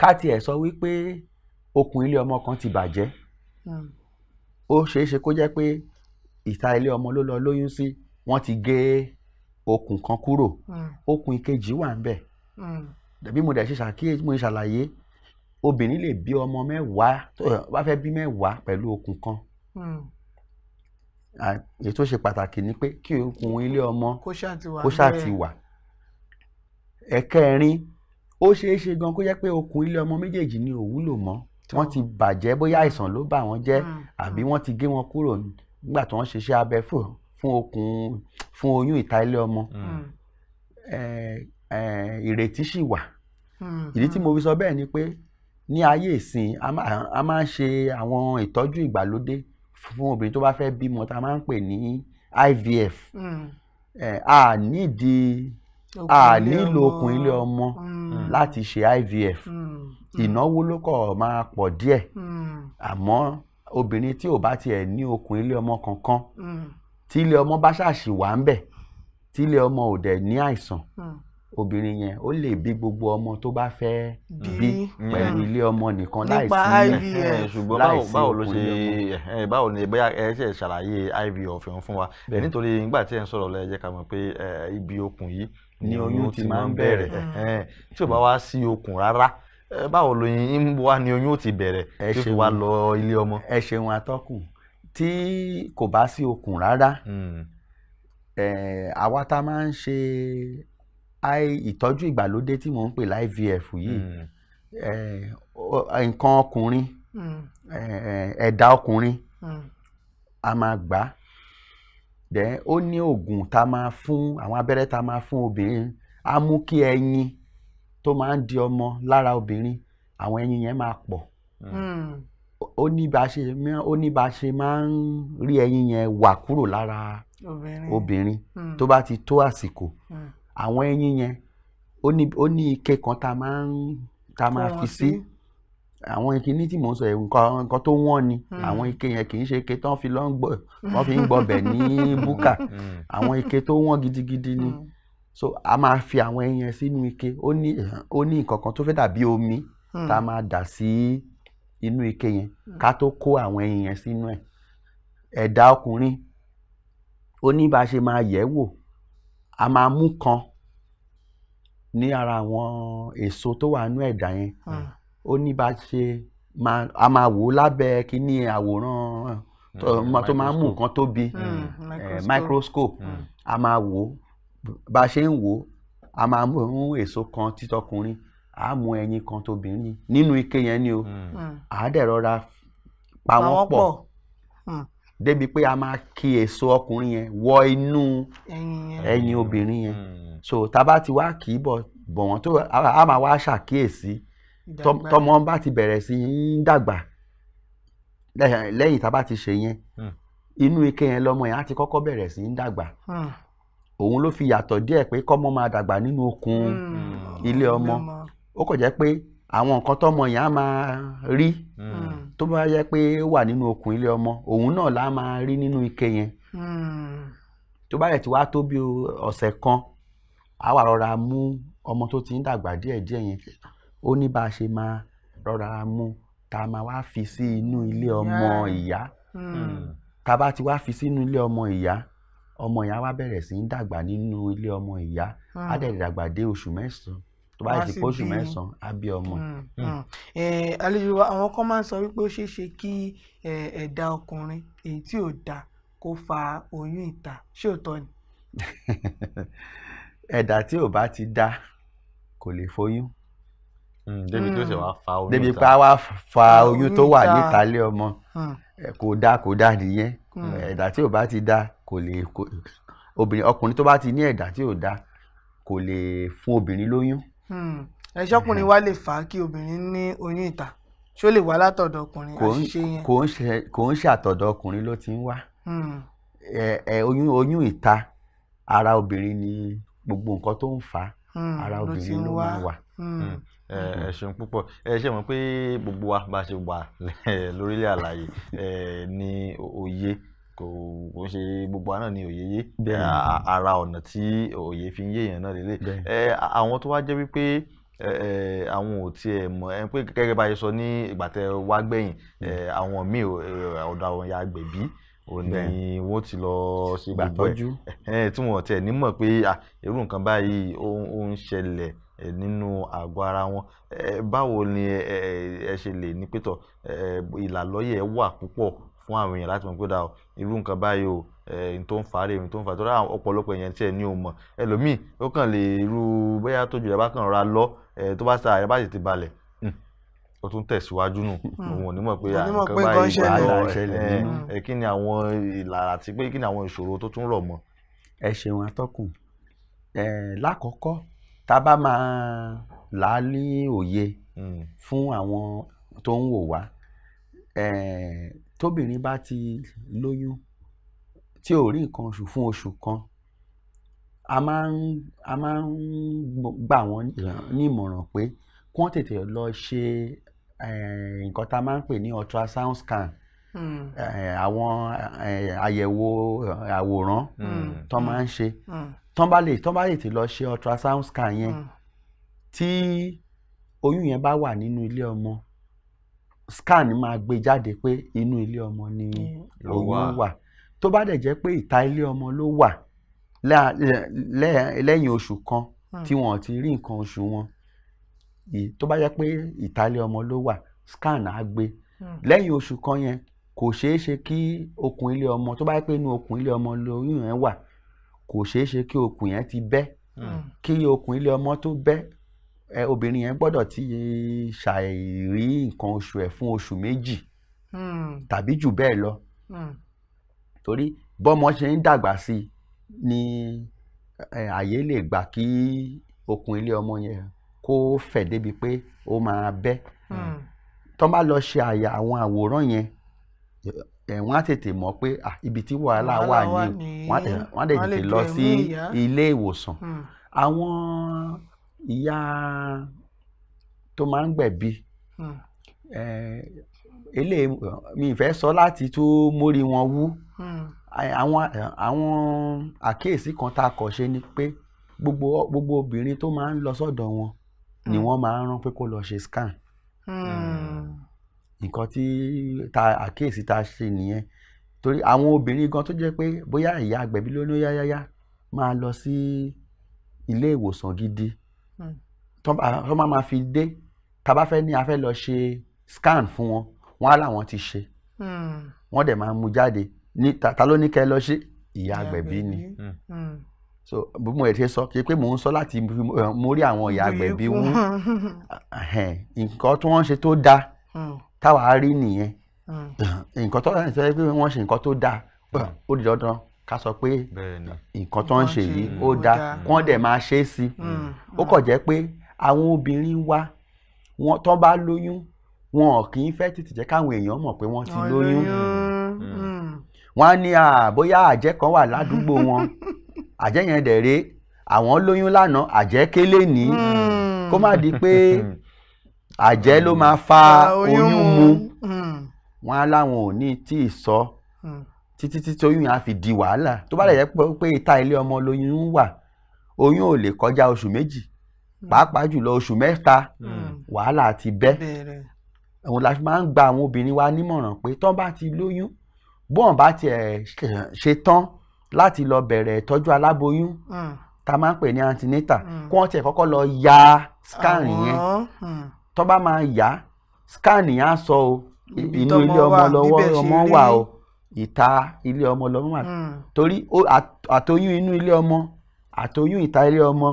ká tiẹ̀ sọ wípé okùn ilé ọmọ kan ti bàjẹ́ ó ṣeé ṣe kó jẹ́ pé ìta ilé ọmọ ló lọ lóyún sí wọ́n ti gé okùn kan kúrò hmm. okùn ìkejì wà ń bẹ̀ hmm. bí mo dẹ̀ ṣe ṣàkíyèsí mo ṣàlàyé obìnrin lè bí ọmọ mẹ́wàá tó bá fẹ́ bí mẹ́wàá pẹ̀lú okùn kan hmm. èyí tó ṣe pàtàkì ni pé kí okùn ilé ọmọ kó ṣáàtì wà ẹ̀kẹrin ó ṣeé ṣe gan kó jẹ́ pé okùn ilé ọmọ méjèèjì ni òun lò mọ́ wọ́n ti bàjẹ́ bóyá àìsàn ló bà wọ́n jẹ́ àbí wọ́n ti gé wọn kúrò nígbà tí wọ́n ṣiṣẹ́ abẹ fún fún okùn fún oyún ìta ilé ọmọ hmm. ìrètí sì wà hmm. ìdí tí mo hmm. fi sọ bẹ́ẹ̀ ni pé ní ayé ìsìn a máa ń ṣe àwọn ìtọ́jú ìgbàlódé fún obìnrin tó bá fẹ́ bímọ tá a máa ń pè ní IVF a nídìí a nílò okùn ilé ọmọ láti ṣe IVF ìnáwó ló kọ̀ máa pọ̀ díẹ̀ àmọ́ obìnrin tí ò bá tiẹ̀ ní okùn ilé ọmọ kankan tí ilé ọmọ bá ṣàṣì wà ń bẹ̀ tí ilé ọmọ ò dẹ̀ ní àìsàn hmm. obìnrin yẹn ó lè bí gbogbo ọmọ tó bá fẹ́ bí hmm. pẹ̀lú ilé ọmọ nìkan láìsí eh, eh, ṣùgbọ́n báwo ló ṣe eh, báwo ni bóyá ẹ ṣe ṣàlàyé iv ọ̀fìn fún wa nítorí nígbà tí ẹ ń sọ̀rọ̀ lẹ́yìn jẹ́ ká mọ̀ pé ibi okùn yìí ni oyún ti máa ń bẹ̀rẹ̀ tí ò bá wá sí okùn rárá báwo ló yín wá ni oyún ti bẹ̀rẹ̀ tí kò wá lọ ilé ọmọ. ẹ ṣeun atọ́kùn tí kò bá sí okùn rárá hmm. àwa tá a máa ń ṣe ìtọ́jú ìgbàlódé tí mò ń pè láìvf yìí hmm. nǹkan ọkùnrin hmm. ẹ̀dá ọkùnrin a máa gbà á dẹ̀ ó ní oògùn tá máa fún àwọn abẹ́rẹ́ tá máa fún obìnrin á mú kí ẹyin tó máa ń di ọmọ lára obìnrin àwọn ẹyin yẹn máa pọ̀ ó ní bá ṣe ó ní bá ṣe máa ń rí ẹyin yẹn wà kúrò lára obìnrin hmm. tó bá ti tó àsìkò hmm. àwọn ẹyin yẹn ó ní ó ní ike kan tá a máa ń tá a máa fi sí àwọn ìkíní tí mò ń sọ yẹn nǹkan tó wọ́n ni hmm. àwọn ike yẹn kì í ṣe ike tán fi lọ́n gbọ́ wọ́n fi ń gbọ́bẹ̀ ní búkà àwọn ike tó wọ́n gidigidi ni so a máa fi àwọn ẹyin yẹn sínú ike ó ní nǹkan kan tó fẹ́ dàbí omi tá máa dà sí inú ike yẹn hmm. ká tó kó àwọn ẹyin yẹn sínú ẹ̀ ẹ̀dá ọkùnrin ó ní bá a ṣe máa yẹ̀ wò a máa mú kan ní ara àwọn èso tó wà nú ẹ̀dá yẹn hmm. ó ní bá a ṣe a máa wò ó lábẹ́ kíní àwòrán hmm, tó máa mú nǹkan tóbi microscope eh, a máa wò ó bá a ṣe ń wò ó a máa mú èso kan títọkùnrin a mú ẹyin kan tóbìnrin nínú ike yẹn ni o hmm. Hmm. a dẹ̀ rọra pa wọ́n pọ̀ hmm. débi pé a máa kí èso ọkùnrin yẹn wọ inú ẹyin obìnrin yẹn so tá a bá ti wá kì í bọ̀ bọ̀ wọ́n tó a máa wá ṣàkíyèsí tọmọ bá ti bẹ̀rẹ̀ sí í dàgbà lẹ́yìn tá a ti ṣe yẹn inú ike yẹn lọmọ yẹn á ti kọ́kọ́ bẹ̀rẹ̀ sí í dàgbà òun ló fi yàtọ̀ díẹ̀ pé kọ́mọ máa dàgbà nínú okùn ilé ọmọ ó kàn jẹ́ pé àwọn nǹkan tọmọ yẹn á máa rí hmm. tó bá yẹ pé wà nínú okùn ilé ọmọ òun náà la máa rí nínú ike yẹn hmm. tó bá yẹ ti wá tó bí ọ̀sẹ̀ kan a wà rọra mú ọmọ tó ti ń dàgbà díẹ̀díẹ̀ yẹn ó ní bá a ṣe máa rọra mú tá máa wá fi sí inú ilé ọmọ ìyá hmm. tá bá ti wá fi sínú ilé ọmọ ìyá ọmọ ìyá wa bẹ̀rẹ̀ sí ń dàgbà nínú ilé ọmọ ìyá á dẹ̀ dàgbà dé oṣù mẹ́sàn-án bá ti pósù mẹ́sàn-án á bí ọmọ. Hmm, hmm. Hmm. Eh, àlejò àwọn kan máa ń sọ wípé ó ṣeé ṣe kí ẹ̀dá ọkùnrin èyí tí ò dáa kó fa oyún ìta ṣé òótọ́ ni. ẹ̀dá tí ò bá ti dá kò lè foyún. débi tó ṣe wá fa oyún ta débi pa wá fa oyún tó wà níta lé ọmọ kò dá kò dá nìyẹn ẹ̀dá tí ò bá ti dá kò lè obìnrin ọkùnrin tó bá ti ní ẹ̀dá tí ò dá kò lè fún obìnrin lóyún. Hmm. ẹ ṣọkùnrin wa lè fà á kí obìnrin ní oyún ìta ṣó lè wá látọ̀dọ̀ ọkùnrin àṣìṣe yẹn. kò ń ṣe àtọ̀dọ̀ ọkùnrin ló ti ń wá hmm. oyún oyún ìta ara obìnrin ni gbogbo nǹkan tó ń fà á hmm. ara obìnrin ló máa wà ẹ ṣeun púpọ̀ ẹ ṣe mọ̀ pé gbogbo wa bá ṣe wà lórílẹ̀ àlàyé ní òye kò kò ṣe gbogbo àná ni òye yé ara ọ̀nà tí òye fi ń yéèyàn náà lélẹ̀ àwọn tó wá jẹ́ wípé àwọn ò tiẹ̀ mọ̀ ẹ pé gẹ́gẹ́ bá ṣe sọ ní ìgbà tẹ́ wá gbẹ̀yìn àwọn míì ọ̀dọ̀ àwọn ya gbẹ̀bí ò ní wọ́n ti lọ ṣe gbogbo ẹ̀ tí wọ́n tiẹ̀ nímọ̀ pé irú nǹkan báyìí ó ń ṣẹlẹ̀ nínú àgọ́ ara wọn báwo ni ẹ ṣe lè ní pẹ́tọ̀ ìlàlọ́yẹ̀ wà púpọ̀ fún àwọn èèyàn láti mọ̀ pé dáa irú nǹkan báyìí o ẹ̀yìn tó ń fa rèé tó ń fa tó rà ọ̀pọ̀lọpọ̀ èèyàn tiẹ̀ ní o mọ̀ ẹlòmíì ó kàn lè irú bóyá tó jùlọ bá kàn ra lọ tó bá sa àyè bá sì ti balẹ̀ ó tún tẹ̀síwájú nù òun hmm. ò ní mọ̀ pé nǹkan báyìí wàhálà ìṣẹ̀lẹ̀ hmm. kí ni àwọn ìlànà àti pé kí ni àwọn ìṣòro tó tún rọ̀ mọ́. ẹ ṣeun atọ́kùn lákọ̀ọ́kọ́ tá a bá máa là á ní òye hmm. fún àwọn tó ń wò wá tóbìnrin bá ti lóyún tí ò rí nǹkan oṣù fún oṣù kan a máa ń a máa ń gbà wọ́n ní ìmọ̀ràn pé kí wọ́n tètè lọ ṣe eh, nǹkan tá a máa ń pè ní ultrasound scan hmm. eh, àwọn eh, àyẹ̀wò àwòrán hmm. tó máa ń ṣe hmm. tó bá lè tó bá lè ti lọ ṣe ultrasound scan yẹn tí oyún yẹn bá wà nínú ilé ọmọ scan máa gbé jáde pé inú ilé ọmọ ni oyún wà tó bá dẹ̀ jẹ́ pé ìta ilé ọmọ ló wà lẹ́yìn oṣù kan hmm. tí wọ́n ti rí nǹkan oṣù wọn tó bá jẹ́ pé ìta ilé ọmọ ló wà scan á gbé hmm. lẹ́yìn oṣù kan yẹn kò ṣeé ṣe kí okùn ilé ọmọ tó bá jẹ́ pé inú okùn ilé ọmọ lóyún yẹn wà kò ṣeé ṣe kí okùn yẹn ti bẹ́ hmm. kí okùn ilé ọmọ tó bẹ́ obìnrin yẹn gbọ́dọ̀ ti ṣàìrí nǹkan oṣù ẹ̀ fún oṣù méjì hmm. tàbí jù bẹ́ẹ̀ lọ hmm. torí bọ́mọ ṣe ń dàgbà sí ni àyè lè gbà kí okùn ilé ọmọ yẹn kó fẹ̀ débi pé ó máa bẹ́ hmm. tó bá lọ ṣe àyà àwọn àwòrán yẹn wọ́n á tètè mọ̀ pé ibi tí wàhálà wà ní wọ́n á tètè lọ sí ilé ìwòsàn àwọn ìyá tó máa ń gbẹ̀bí hmm. eh, eléyìí mi ìfẹ́ sọ láti tó mórí wọn wú hmm. àwọn àwọn àkíyèsí kan tá a kọ̀ ṣe ni pé gbogbo gbogbo obìnrin tó máa ń lọ sọ́dọ̀ wọn ni hmm. wọ́n máa ń rán pé kó lọ ṣe scan nǹkan tí ta àkíyèsí ta ṣe nìyẹn torí àwọn obìnrin gan tó jẹ́ pé bóyá ìyá agbẹ̀bí ló yáyáyá máa lọ sí ilé ìwòsàn gidi. Mm tó máa fi dé tá a bá fẹ́ ní a fẹ́ lọ ṣe scan fún wọn wọn á láwọn ti ṣe hmm. wọn dẹ̀ máa mú jáde ní ta ló ní kẹ́ lọ ṣe ìyá agbẹ̀bí ni hmm. Hmm. so bí mo ṣe sọ kí pé mò ń sọ láti mo eh, rí àwọn ìyá agbẹ̀bí wú nǹkan tí wọ́n ṣe tó dáa táwa rí nìyẹn nǹkan tó dáa nítorí pé wọ́n ṣe nǹkan tó dáa ó di dandan ká sọ pé nǹkan tó ń ṣe yìí ó dáa kí wọ́n dẹ̀ máa ṣe é sí ó kàn jẹ́ pé àwọn obìnrin wa wọn tó bá lóyún wọn ò kì í fẹ́ tètè jẹ́ káwọn èèyàn mọ̀ pé wọ́n ti lóyún hmm. Hmm. wọ́n á ní bóyá àjẹ́ kan wà ládùúgbò wọn àjẹ́ yẹn dẹ̀ rèé àwọn lóyún lánàá àjẹ́ kélé ní hmm. kó má di pé àjẹ́ ló máa fa oyún mu wọn á láwọn ò ní tí ì sọ títí títí oyún yẹn á fi di wàhálà tó bá lè jẹ́ pé ìta ilé ọmọ lóyún wà oyún ò lè kọjá oṣù méjì pàápàá jùlọ oṣù mẹ́ta hmm. wàhálà ti bẹ́ òun la fi máa ń gba àwọn obìnrin wa nímọ̀ràn pé tán bá ti lóyún bóun bá tiẹ̀ ṣe tán láti lọ bẹ̀rẹ̀ ìtọ́jú aláboyún hmm. tá máa ń pè ní antinata hmm. kí wọ́n tiẹ̀ kọ́kọ́ lọ ya scan yẹn tó bá máa yá scan yẹn á sọ o inú ilé ọmọ lọ́wọ́ ọmọ wà o ìta ilé ọmọ lọ́wọ́ wà torí àtọyún inú ilé ọmọ àtọyún ìta ilé ọmọ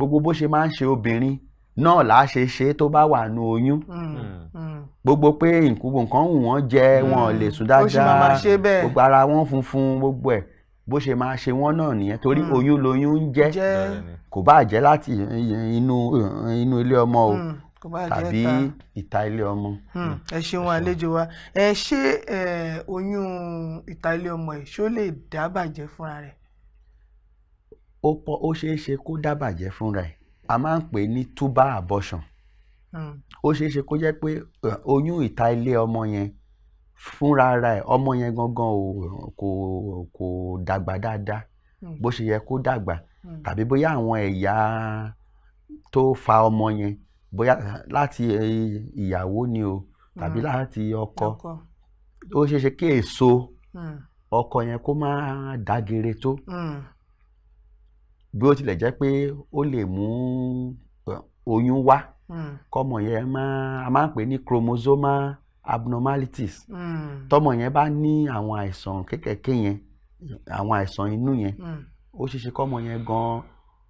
gbogbo bó ṣe máa ń ṣe obìnrin náà là á ṣe ṣe tó bá wà nù oyún hmm. Hmm. gbogbo pé nǹkan wù wọ́n jẹ hmm. wọn lè sùn dáadáa gbogbo ara wọn funfun gbogbo ẹ̀ bó ṣe máa ṣe wọ́n náà nìyẹn torí oyún lóyún ń jẹ́ kò bá jẹ́ láti inú inú ilé ọmọ o tàbí ìta ilé ọmọ. ẹ ṣeun àlejò wa ẹ ṣé oyún ìta ilé ọmọ ẹ ṣó lè dábàjẹ́ fúnra rẹ̀ ó pọ̀ ó ṣeé ṣe kó dábàjẹ́ fúnra ẹ̀ a máa ń pè ní tuber abortion hmm. ó ṣeé ṣe kó jẹ́ pé eh, oyún ìta ilé ọmọ yẹn fúnra ara ẹ̀ ọmọ yẹn gangan kò kò dàgbà dáadáa hmm. bó ṣe yẹ kó dàgbà hmm. tàbí bóyá àwọn ẹ̀yà tó fa ọmọ yẹn bóyá láti eh, ìyàwó ni o tàbí láti ọkọ ó ṣeé ṣe kí èso ọkọ yẹn kó má dágere tó bí ó tilẹ̀ jẹ́ pé ó lè mú oyún wá hmm. kọ́mọ yẹn máa a máa ń pè ní chromosomal abnormalities hmm. tọ́mọ yẹn bá ní àwọn àìsàn kékèké yẹn àwọn àìsàn inú yẹn hmm. ó ṣeé ṣe kọ́mọ yẹn gan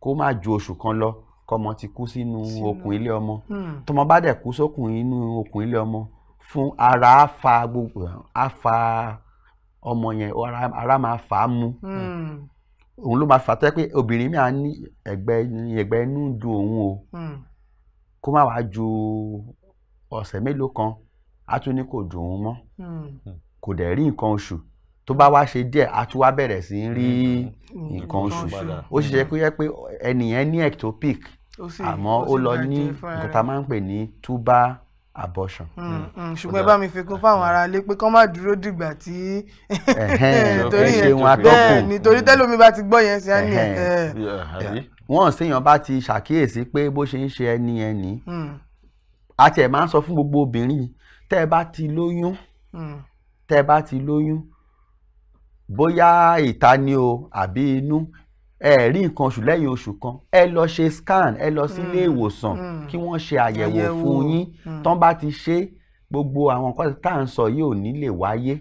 kó má ju oṣù kan lọ kọ́mọ ti kú sínú okùn ilé ọmọ tọ́mọ bá dẹ̀ kú sókùn inú okùn ilé ọmọ fún ara á fa gbogbo á fa ọmọ yẹn ara máa fà á mu òun ló máa fàtẹ́ pé obìnrin mi à ń ní ẹ̀gbẹ́ ẹ̀gbẹ́ inú ń dun òun o hmm. kó má wàá ju ọ̀sẹ̀ mélòó kan á tún ní kò dùn òun mọ́ hmm. kò dẹ̀ rí nǹkan oṣù tó bá wá ṣe díẹ̀ á tún wá bẹ̀rẹ̀ sí í rí hmm. nǹkan oṣù ó ṣe ṣe pé pé ẹnìyẹn ní ectopic àmọ́ ó lọ ní nǹkan tá a máa ń pè ní tuber abortion. Mm, hmm. mm, ṣùgbọ́n ẹ bá mi fi kún fáwọn ará ilé pé kán má dúró dìgbà tí torí yẹn bẹ́ẹ̀ nítorí tẹ́lómi bá ti gbọ́ yẹn sí ẹni ẹ̀. wọ́n ṣèyàn bá ti ṣàkíyèsí pé bó ṣe ń ṣe ẹni ẹni àti hmm. ẹ̀ máa ń sọ fún gbogbo obìnrin tẹ́ ẹ bá ti lóyún hmm. tẹ́ ẹ bá ti lóyún bóyá ìta ni o àbí inú ẹ rí nǹkan oṣù lẹ́yìn oṣù kan ẹ lọ ṣe scan ẹ lọ sí hmm, ilé ìwòsàn hmm. kí wọ́n ṣe àyẹ̀wò fún yín hmm. tán bá ti ṣe gbogbo àwọn nǹkan tá à ń sọ yìí ò ní lè wáyé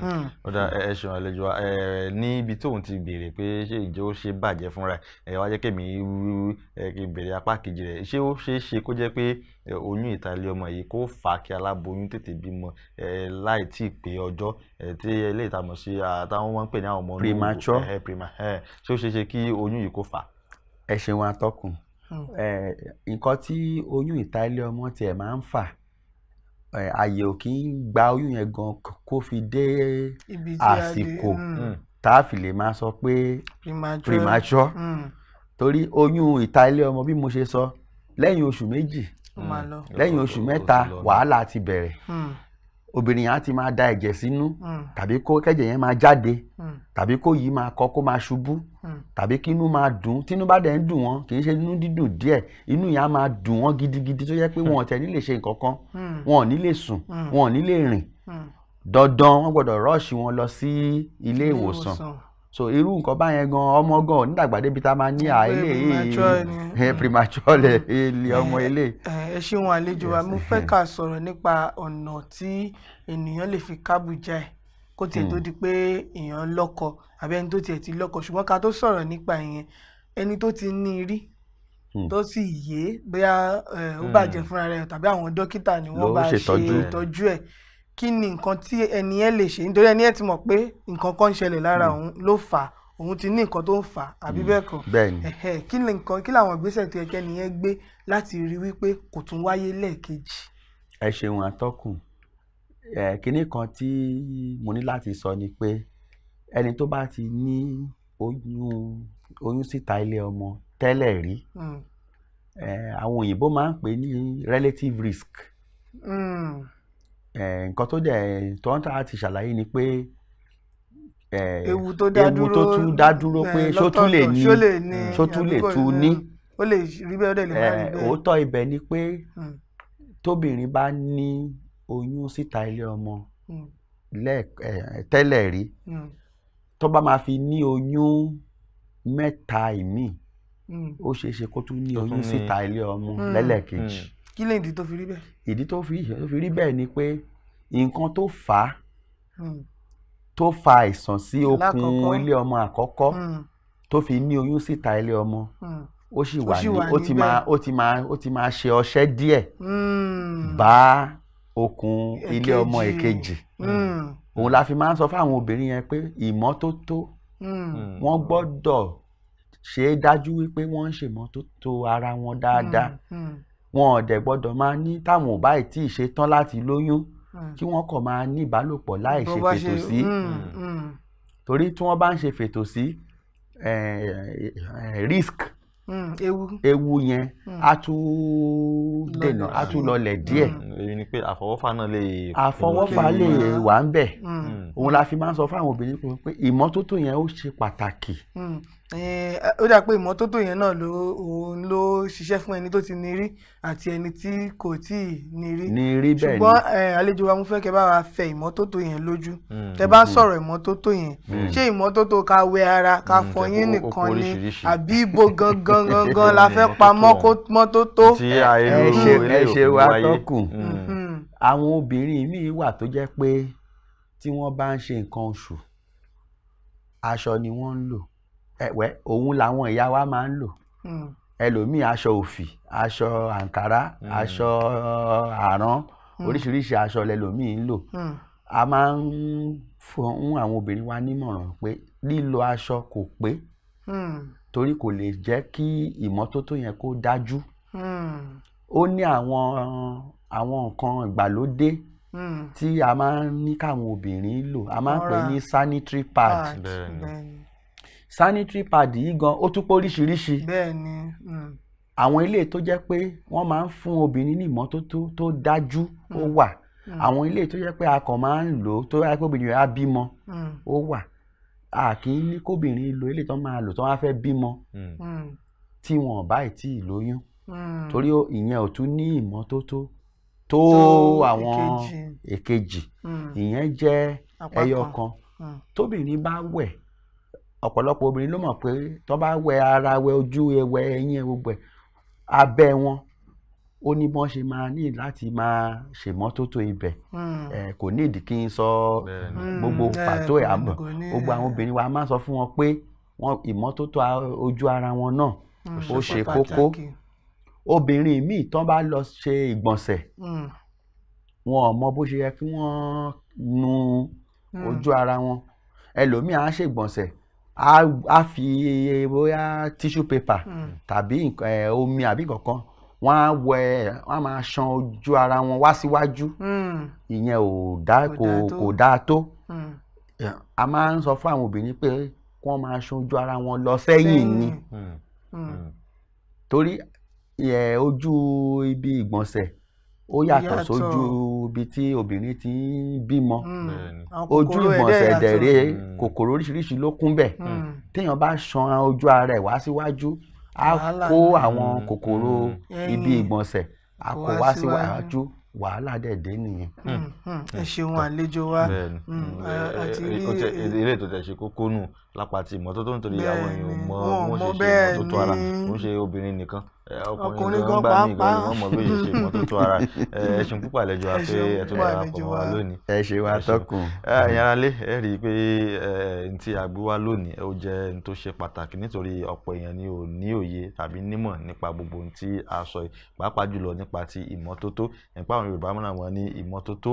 Hmm. Hmm. ó dá ẹ ṣeun àlejò wa níbi tóun ti béèrè pé ṣé ìjẹ́ ó ṣe bàjẹ́ fúnra ẹ̀ wá jẹ́ kẹ́mi kí n béèrè apá kejì rẹ̀ ṣé ó ṣeé ṣe kó jẹ́ pé oyún ìtàlẹ̀ ọmọ yìí kó fà á kí aláboyún tètè bímọ láì tí ì pé ọjọ́ tí ilé ìtàmọ̀ sí àtàwọn wọn ń pè ní àwọn ọmọ premature premature ṣé ó ṣeé ṣe kí oyún yìí kó fà á. ẹ ṣeun atọ́kùn hmm. nǹkan tí oyún ìtàlẹ̀ ọmọ tiẹ̀ máa ń fà àyè ò kí ń gba oyún yẹn gan kó fi dé àsìkò mm. Mm. tá a fi lè máa sọ pé premature mm. torí oyún ìta ilé ọmọ bí mo ṣe sọ lẹ́yìn oṣù méjì lẹ́yìn oṣù mẹ́ta wàhálà ti bẹ̀rẹ̀ obìnrin yẹn á ti máa da ẹ̀jẹ̀ sínú hmm. tàbí kó kẹ́jẹ̀ yẹn máa jáde hmm. tàbí kó yìí máa kọ kó máa ṣubú hmm. tàbí kí inú máa dùn tínú bá dẹ̀ ń dùn wọ́n kì í ṣe inú dídùn díẹ̀ inú yẹn á máa dùn wọ́n gidigidi tó yẹ pé wọn ò tẹ̀ ní lè ṣe nǹkan kan wọn ò ní lè sùn wọn ò ní lè rìn dandan wọn gbọ́dọ̀ rọ́ọ̀ṣì wọn lọ sí ilé ìwòsàn so irú nǹkan báyẹn gan ọmọ gan ò ní dàgbà débi tá a máa ní àìlè yìí premature ilé ọmọ ilé. Eh, eh, ẹ ṣeun àlejò wa mo fẹ́ ká sọ̀rọ̀ nípa ọ̀nà tí ènìyàn lè fi kábùjá ẹ̀ kó tiẹ̀ tó hmm. di pé èèyàn lọ́kọ àbí ẹni tó tiẹ̀ ti lọ́kọ ṣùgbọ́n ká tó sọ̀rọ̀ nípa ìyẹn ẹni tó ti ní rí hmm. tó sì yé bóyá eh, ó hmm. bàjẹ́ fúnra rẹ̀ tàbí àwọn dókítà ni wọ́n bá ṣe ìtọ́jú ẹ̀ kí ni nǹkan tí ẹni ẹ lè ṣe nítorí ẹni ẹ ti mọ̀ pé nǹkan kan ń ṣẹlẹ̀ lára hmm. òun ló fà á òun ti ní nǹkan tó ń fà á àbí hmm. bẹ́ẹ̀ kọ́ kí ni nǹkan kí làwọn ìgbésẹ̀ tó yẹ kẹ́ni ẹ gbé láti rí wípé kò tún wáyé lẹ́ẹ̀kejì. ẹ ṣeun atọ́kùn ẹ kínní kan tí mo ní láti sọ ni pé ẹni tó bá ti ní oyún oyún síta ilé ọmọ tẹ́lẹ̀ rí hmm. àwọn òyìnbó máa ń pè ní relative risk. Eh, nǹkan tó dẹ̀ tó ti ṣàlàyé ni pé eh, ewu tó tún dá dúró eh, pé ṣó tún lè ní ṣó tún lè tún ní ó lè rí bẹ́ẹ̀ ó dẹ̀ lè má rí bẹ́ẹ̀. òótọ́ ibẹ̀ ni pé hmm. tóbìnrin bá ní oyún síta ilé ọmọ hmm. tẹ́lẹ̀ rí hmm. tó bá máa fi ní oyún mẹ́ta ìmíì ó ṣeé ṣe kó tún ní oyún síta ilé ọmọ lẹ́lẹ́kejì kí lè ìdí tó fi rí bẹ́ẹ̀. ìdí tó fi rí bẹ́ẹ̀ ni pé nǹkan tó fà á hmm. tó fa àìsàn sí okun ilé ọmọ àkọ́kọ́ hmm. tó fi ní oyún síta ilé ọmọ hmm. ó sì wà ní ó ti máa ó ti máa ó ti máa ṣe ọṣẹ díẹ̀ bá okùn ilé ọmọ èkejì òun la fi máa ń sọ fáwọn obìnrin yẹn pé ìmọ́tótó wọ́n gbọ́dọ̀ ṣe é dájú wípé wọ́n ń ṣèmọ́tótó ara wọn dáadáa wọn ò dẹ̀ gbọ́dọ̀ máa ní táwọn ò báyìí tí ì ṣe tán láti lóyún hmm. kí wọ́n kàn máa ní ìbálòpọ̀ láì ṣe fètò sí hmm, hmm. torí tí wọ́n bá ń ṣe fètò sí risk Mm, ewu ewu yẹn mm. a tún dènà a tún lọlẹ̀ díẹ̀. èyí ni pé àfọwọ́fà náà lè. àfọwọ́fà lè wà ń bẹ̀. òun la fi máa ń sọ fún àwọn obìnrin pé ìmọ́tótó yẹn ó ṣe pàtàkì. Eh, ó dà pé ìmọ́tótó yẹn náà ló òun ló ṣiṣẹ́ fún ẹni tó ti ní rí àti ẹni tí kò tí ì ní rí ní rí bẹ́ẹ̀ ni ṣùgbọ́n eh, àlejò wa mo fẹ́ kẹ́ bá wa fẹ ìmọ́tótó yẹn lójú hmm, tẹ́ bá hmm, hmm. sọ̀rọ̀ ìmọ́tótó yẹn ṣé ìmọ́tótó ká wẹ ara ká fọyín nìkan ni àbí ibo gangan gangan la fẹ́ pa mọ́tótó ẹ ṣe wa tọ́kù mm-hmm. àwọn obìnrin míì wà tó jẹ́ pé tí wọ́n bá ń ṣe nǹkan oṣù aṣọ ni wọ́n ń lò ẹ̀wẹ́ òun làwọn ìyá wa máa ń lò hmm. ẹlòmíì aṣọ òfì aṣọ àǹkárá hmm. aṣọ uh, àrán hmm. oríṣiríṣi aṣọ lẹlòmíì ń lò a máa ń fún àwọn obìnrin wa nímọ̀ràn pé lílo aṣọ kò pé torí kò lè jẹ́ kí ìmọ́tótó yẹn kó dájú ó ní àwọn àwọn nǹkan ìgbàlódé tí a máa ń ní káwọn obìnrin lò a máa ń pè ní sanitary pad sanitary pad yìí gan ó tún pé oríṣiríṣi. bẹ́ẹ̀ni. Mm. àwọn ilé tó jẹ́ pé wọ́n máa ń fún obìnrin ní ìmọ́tótó tó dájú ó mm. wà mm. àwọn ilé tó jẹ́ pé a kàn máa ń lò ó tó yẹ pé obìnrin á bímọ ó wà a kì í ní kóbìnrin lo ilé tó máa lò tó wá fẹ́ bímọ tí wọn ò báyìí tí ì lóyún torí ìyẹn ò tún ní ìmọ́tótó tó àwọn èkejì ìyẹn jẹ́ ẹyọ kan tóbìnrin bá wẹ̀ ọ̀pọ̀lọpọ̀ obìnrin ló mọ̀ pé tó bá wẹ ara wẹ ojú wẹ ẹyin gbogbo ẹ̀ abẹ́ wọn ó ní bọ́n ṣe máa ní láti máa ṣèmọ́tótó ibẹ̀ hmm. kò ní ìdí kí n sọ gbogbo hmm. pàtó ẹ̀ àmọ́ gbogbo àwọn obìnrin wa máa sọ fún wọn pé ìmọ́tótó ojú ara wọn náà hmm. ó ṣe kókó obìnrin míì tán bá lọ ṣe ìgbọ̀nsẹ̀ wọn ò mọ bó ṣe yẹ kí wọ́n nu ojú ara wọn ẹlòmíì á ṣègbọ̀nsẹ̀ a a fi bóyá tissue paper hmm. tàbí omi àbí kankan wọ́n á wẹ wọ́n á máa ṣan ojú ara wọn wá síwájú hmm. ìyẹn ò dá kò kò dáa tó hmm. a máa ń sọ fún àwọn obìnrin pé kí wọ́n máa ṣan ojú ara wọn lọ sẹ́yìn ni torí ojú ibi ìgbọ̀nsẹ̀ ó yàtọ̀ sójú ibi tí obìnrin ti ń bímọ hmm. ojú ìmọ̀ọ́sẹ̀ dẹ̀rẹ́ hmm. kòkòrò oríṣiríṣi ló kún bẹ̀ hmm. téèyàn bá ṣan ojú ara ẹ̀ wá síwájú á kó àwọn kòkòrò ibi ìgbọ̀nsẹ̀ á kó wá síwájú wàhálà dẹ̀ dé nìyẹn. ẹ ṣeun àlejò wa ilé eh, eh, ètò ṣe kókó nù lápá ti ìmọ́tótó nítorí àwọn èèyàn mọ wọn ṣe ṣe ìmọ́tótó ara wọn ṣe obìnrin nìkan ọkùnrin gan gbá mí gan wọn mọ bí èyí ṣe ìmọ́tótó ara ẹ ṣeun púpọ̀ àlejò àfẹ́ ẹ̀tún dára pọ̀ wá lónìí. ẹ ṣe wá tọkùn. ìyáralé ẹ rí i pé n tí a gbé wá lónìí ó jẹ́ n tó ṣe pàtàkì nítorí ọ̀pọ̀ èèyàn ni ò ní òye tàbí nímọ̀ nípa gbogbo ohun tí a sọ yìí pàápàá jùlọ nípa ti ìmọ́tótó nípa àwọn Yorùbá mìíràn wọn ní ìmọ́tótó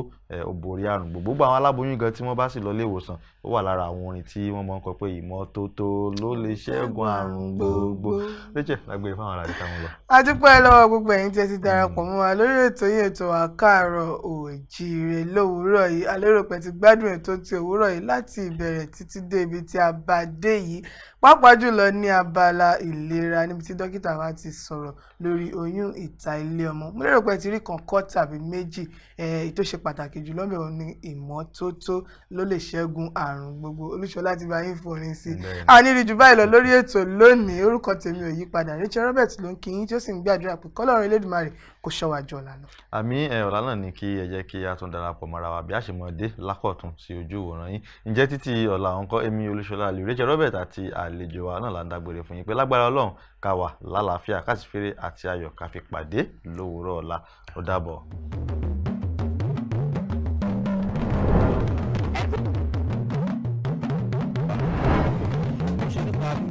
ó borí àrùn gbogbo àwọn aláboyún gan tí wọ́n bá sì lọ ilé ìwòsàn ó wà lára àwọn orin tí wọ́n mọ̀ ń kọ pé ìmọ́tótó ló lè ṣẹ́gun àrùn gbogbo rachel lágbèrè fáwọn ará ìta wọn lọ. a dúpẹ́ lọ́wọ́ gbogbo ẹ̀yin tí darapọ̀ mọ́ wa lórí ètò yìí ètò àkàrọ̀ òjíire lówùúrọ̀ yìí a lérò ti gbádùn ètò ti òwúrọ̀ yìí láti ìbẹ̀rẹ̀ títí dé ibi tí a bá dé yìí pàápàá jùlọ ní abala ìlera níbi tí dókítà wa ti sọ̀rọ̀ lórí oyún ìta ilé ọmọ mo lérò pé ẹ ti rí kan kọ́ tàbí méjì tó ṣe pàtàkì jùlọ mẹ́wọ̀n ni ìmọ́tótó ló lè ṣẹ́gun àrùn gbogbo olúṣọlá ti bá yín forin sí i àníri jù báyìí lọ lórí ètò lónìí orúkọ tèmi ò yípadà Rachel Roberts ló ń kí yín tí ó sì ń gbàdúrà pé kọ́lọ́run Elédùmarè kó ṣọ́ wa jọ lànà. àmì ọ̀la náà ni kí ẹ jẹ́ kí a tún darapọ̀ mọ́ra wa bí a ṣe mọ̀ dé lákọ̀tún sí ojú ìwòran yín ǹjẹ́ títí ọ̀la àwọn kọ́ èmi olúṣọlá àlè rachel robert àti àlejò wa náà là ń dágbére fún yín pé lágbára ọlọ́run ká wà lálàáfíà káṣífẹ́rẹ́ àti ayọ̀ ká fi pàdé lówùúrọ̀ ọ̀la ó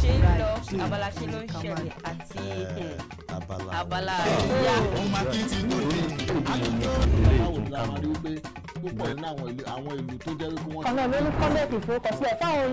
ṣe ń lọ hmm. abala ṣe ló ń ṣẹlẹ̀ àti eh, abala àríyá. ọmọ kí ti tó i pé púpọ̀ nínú àwọn ìlú tó jẹ́ wípé ìfowópamọ́sí ẹ̀ fáwọn.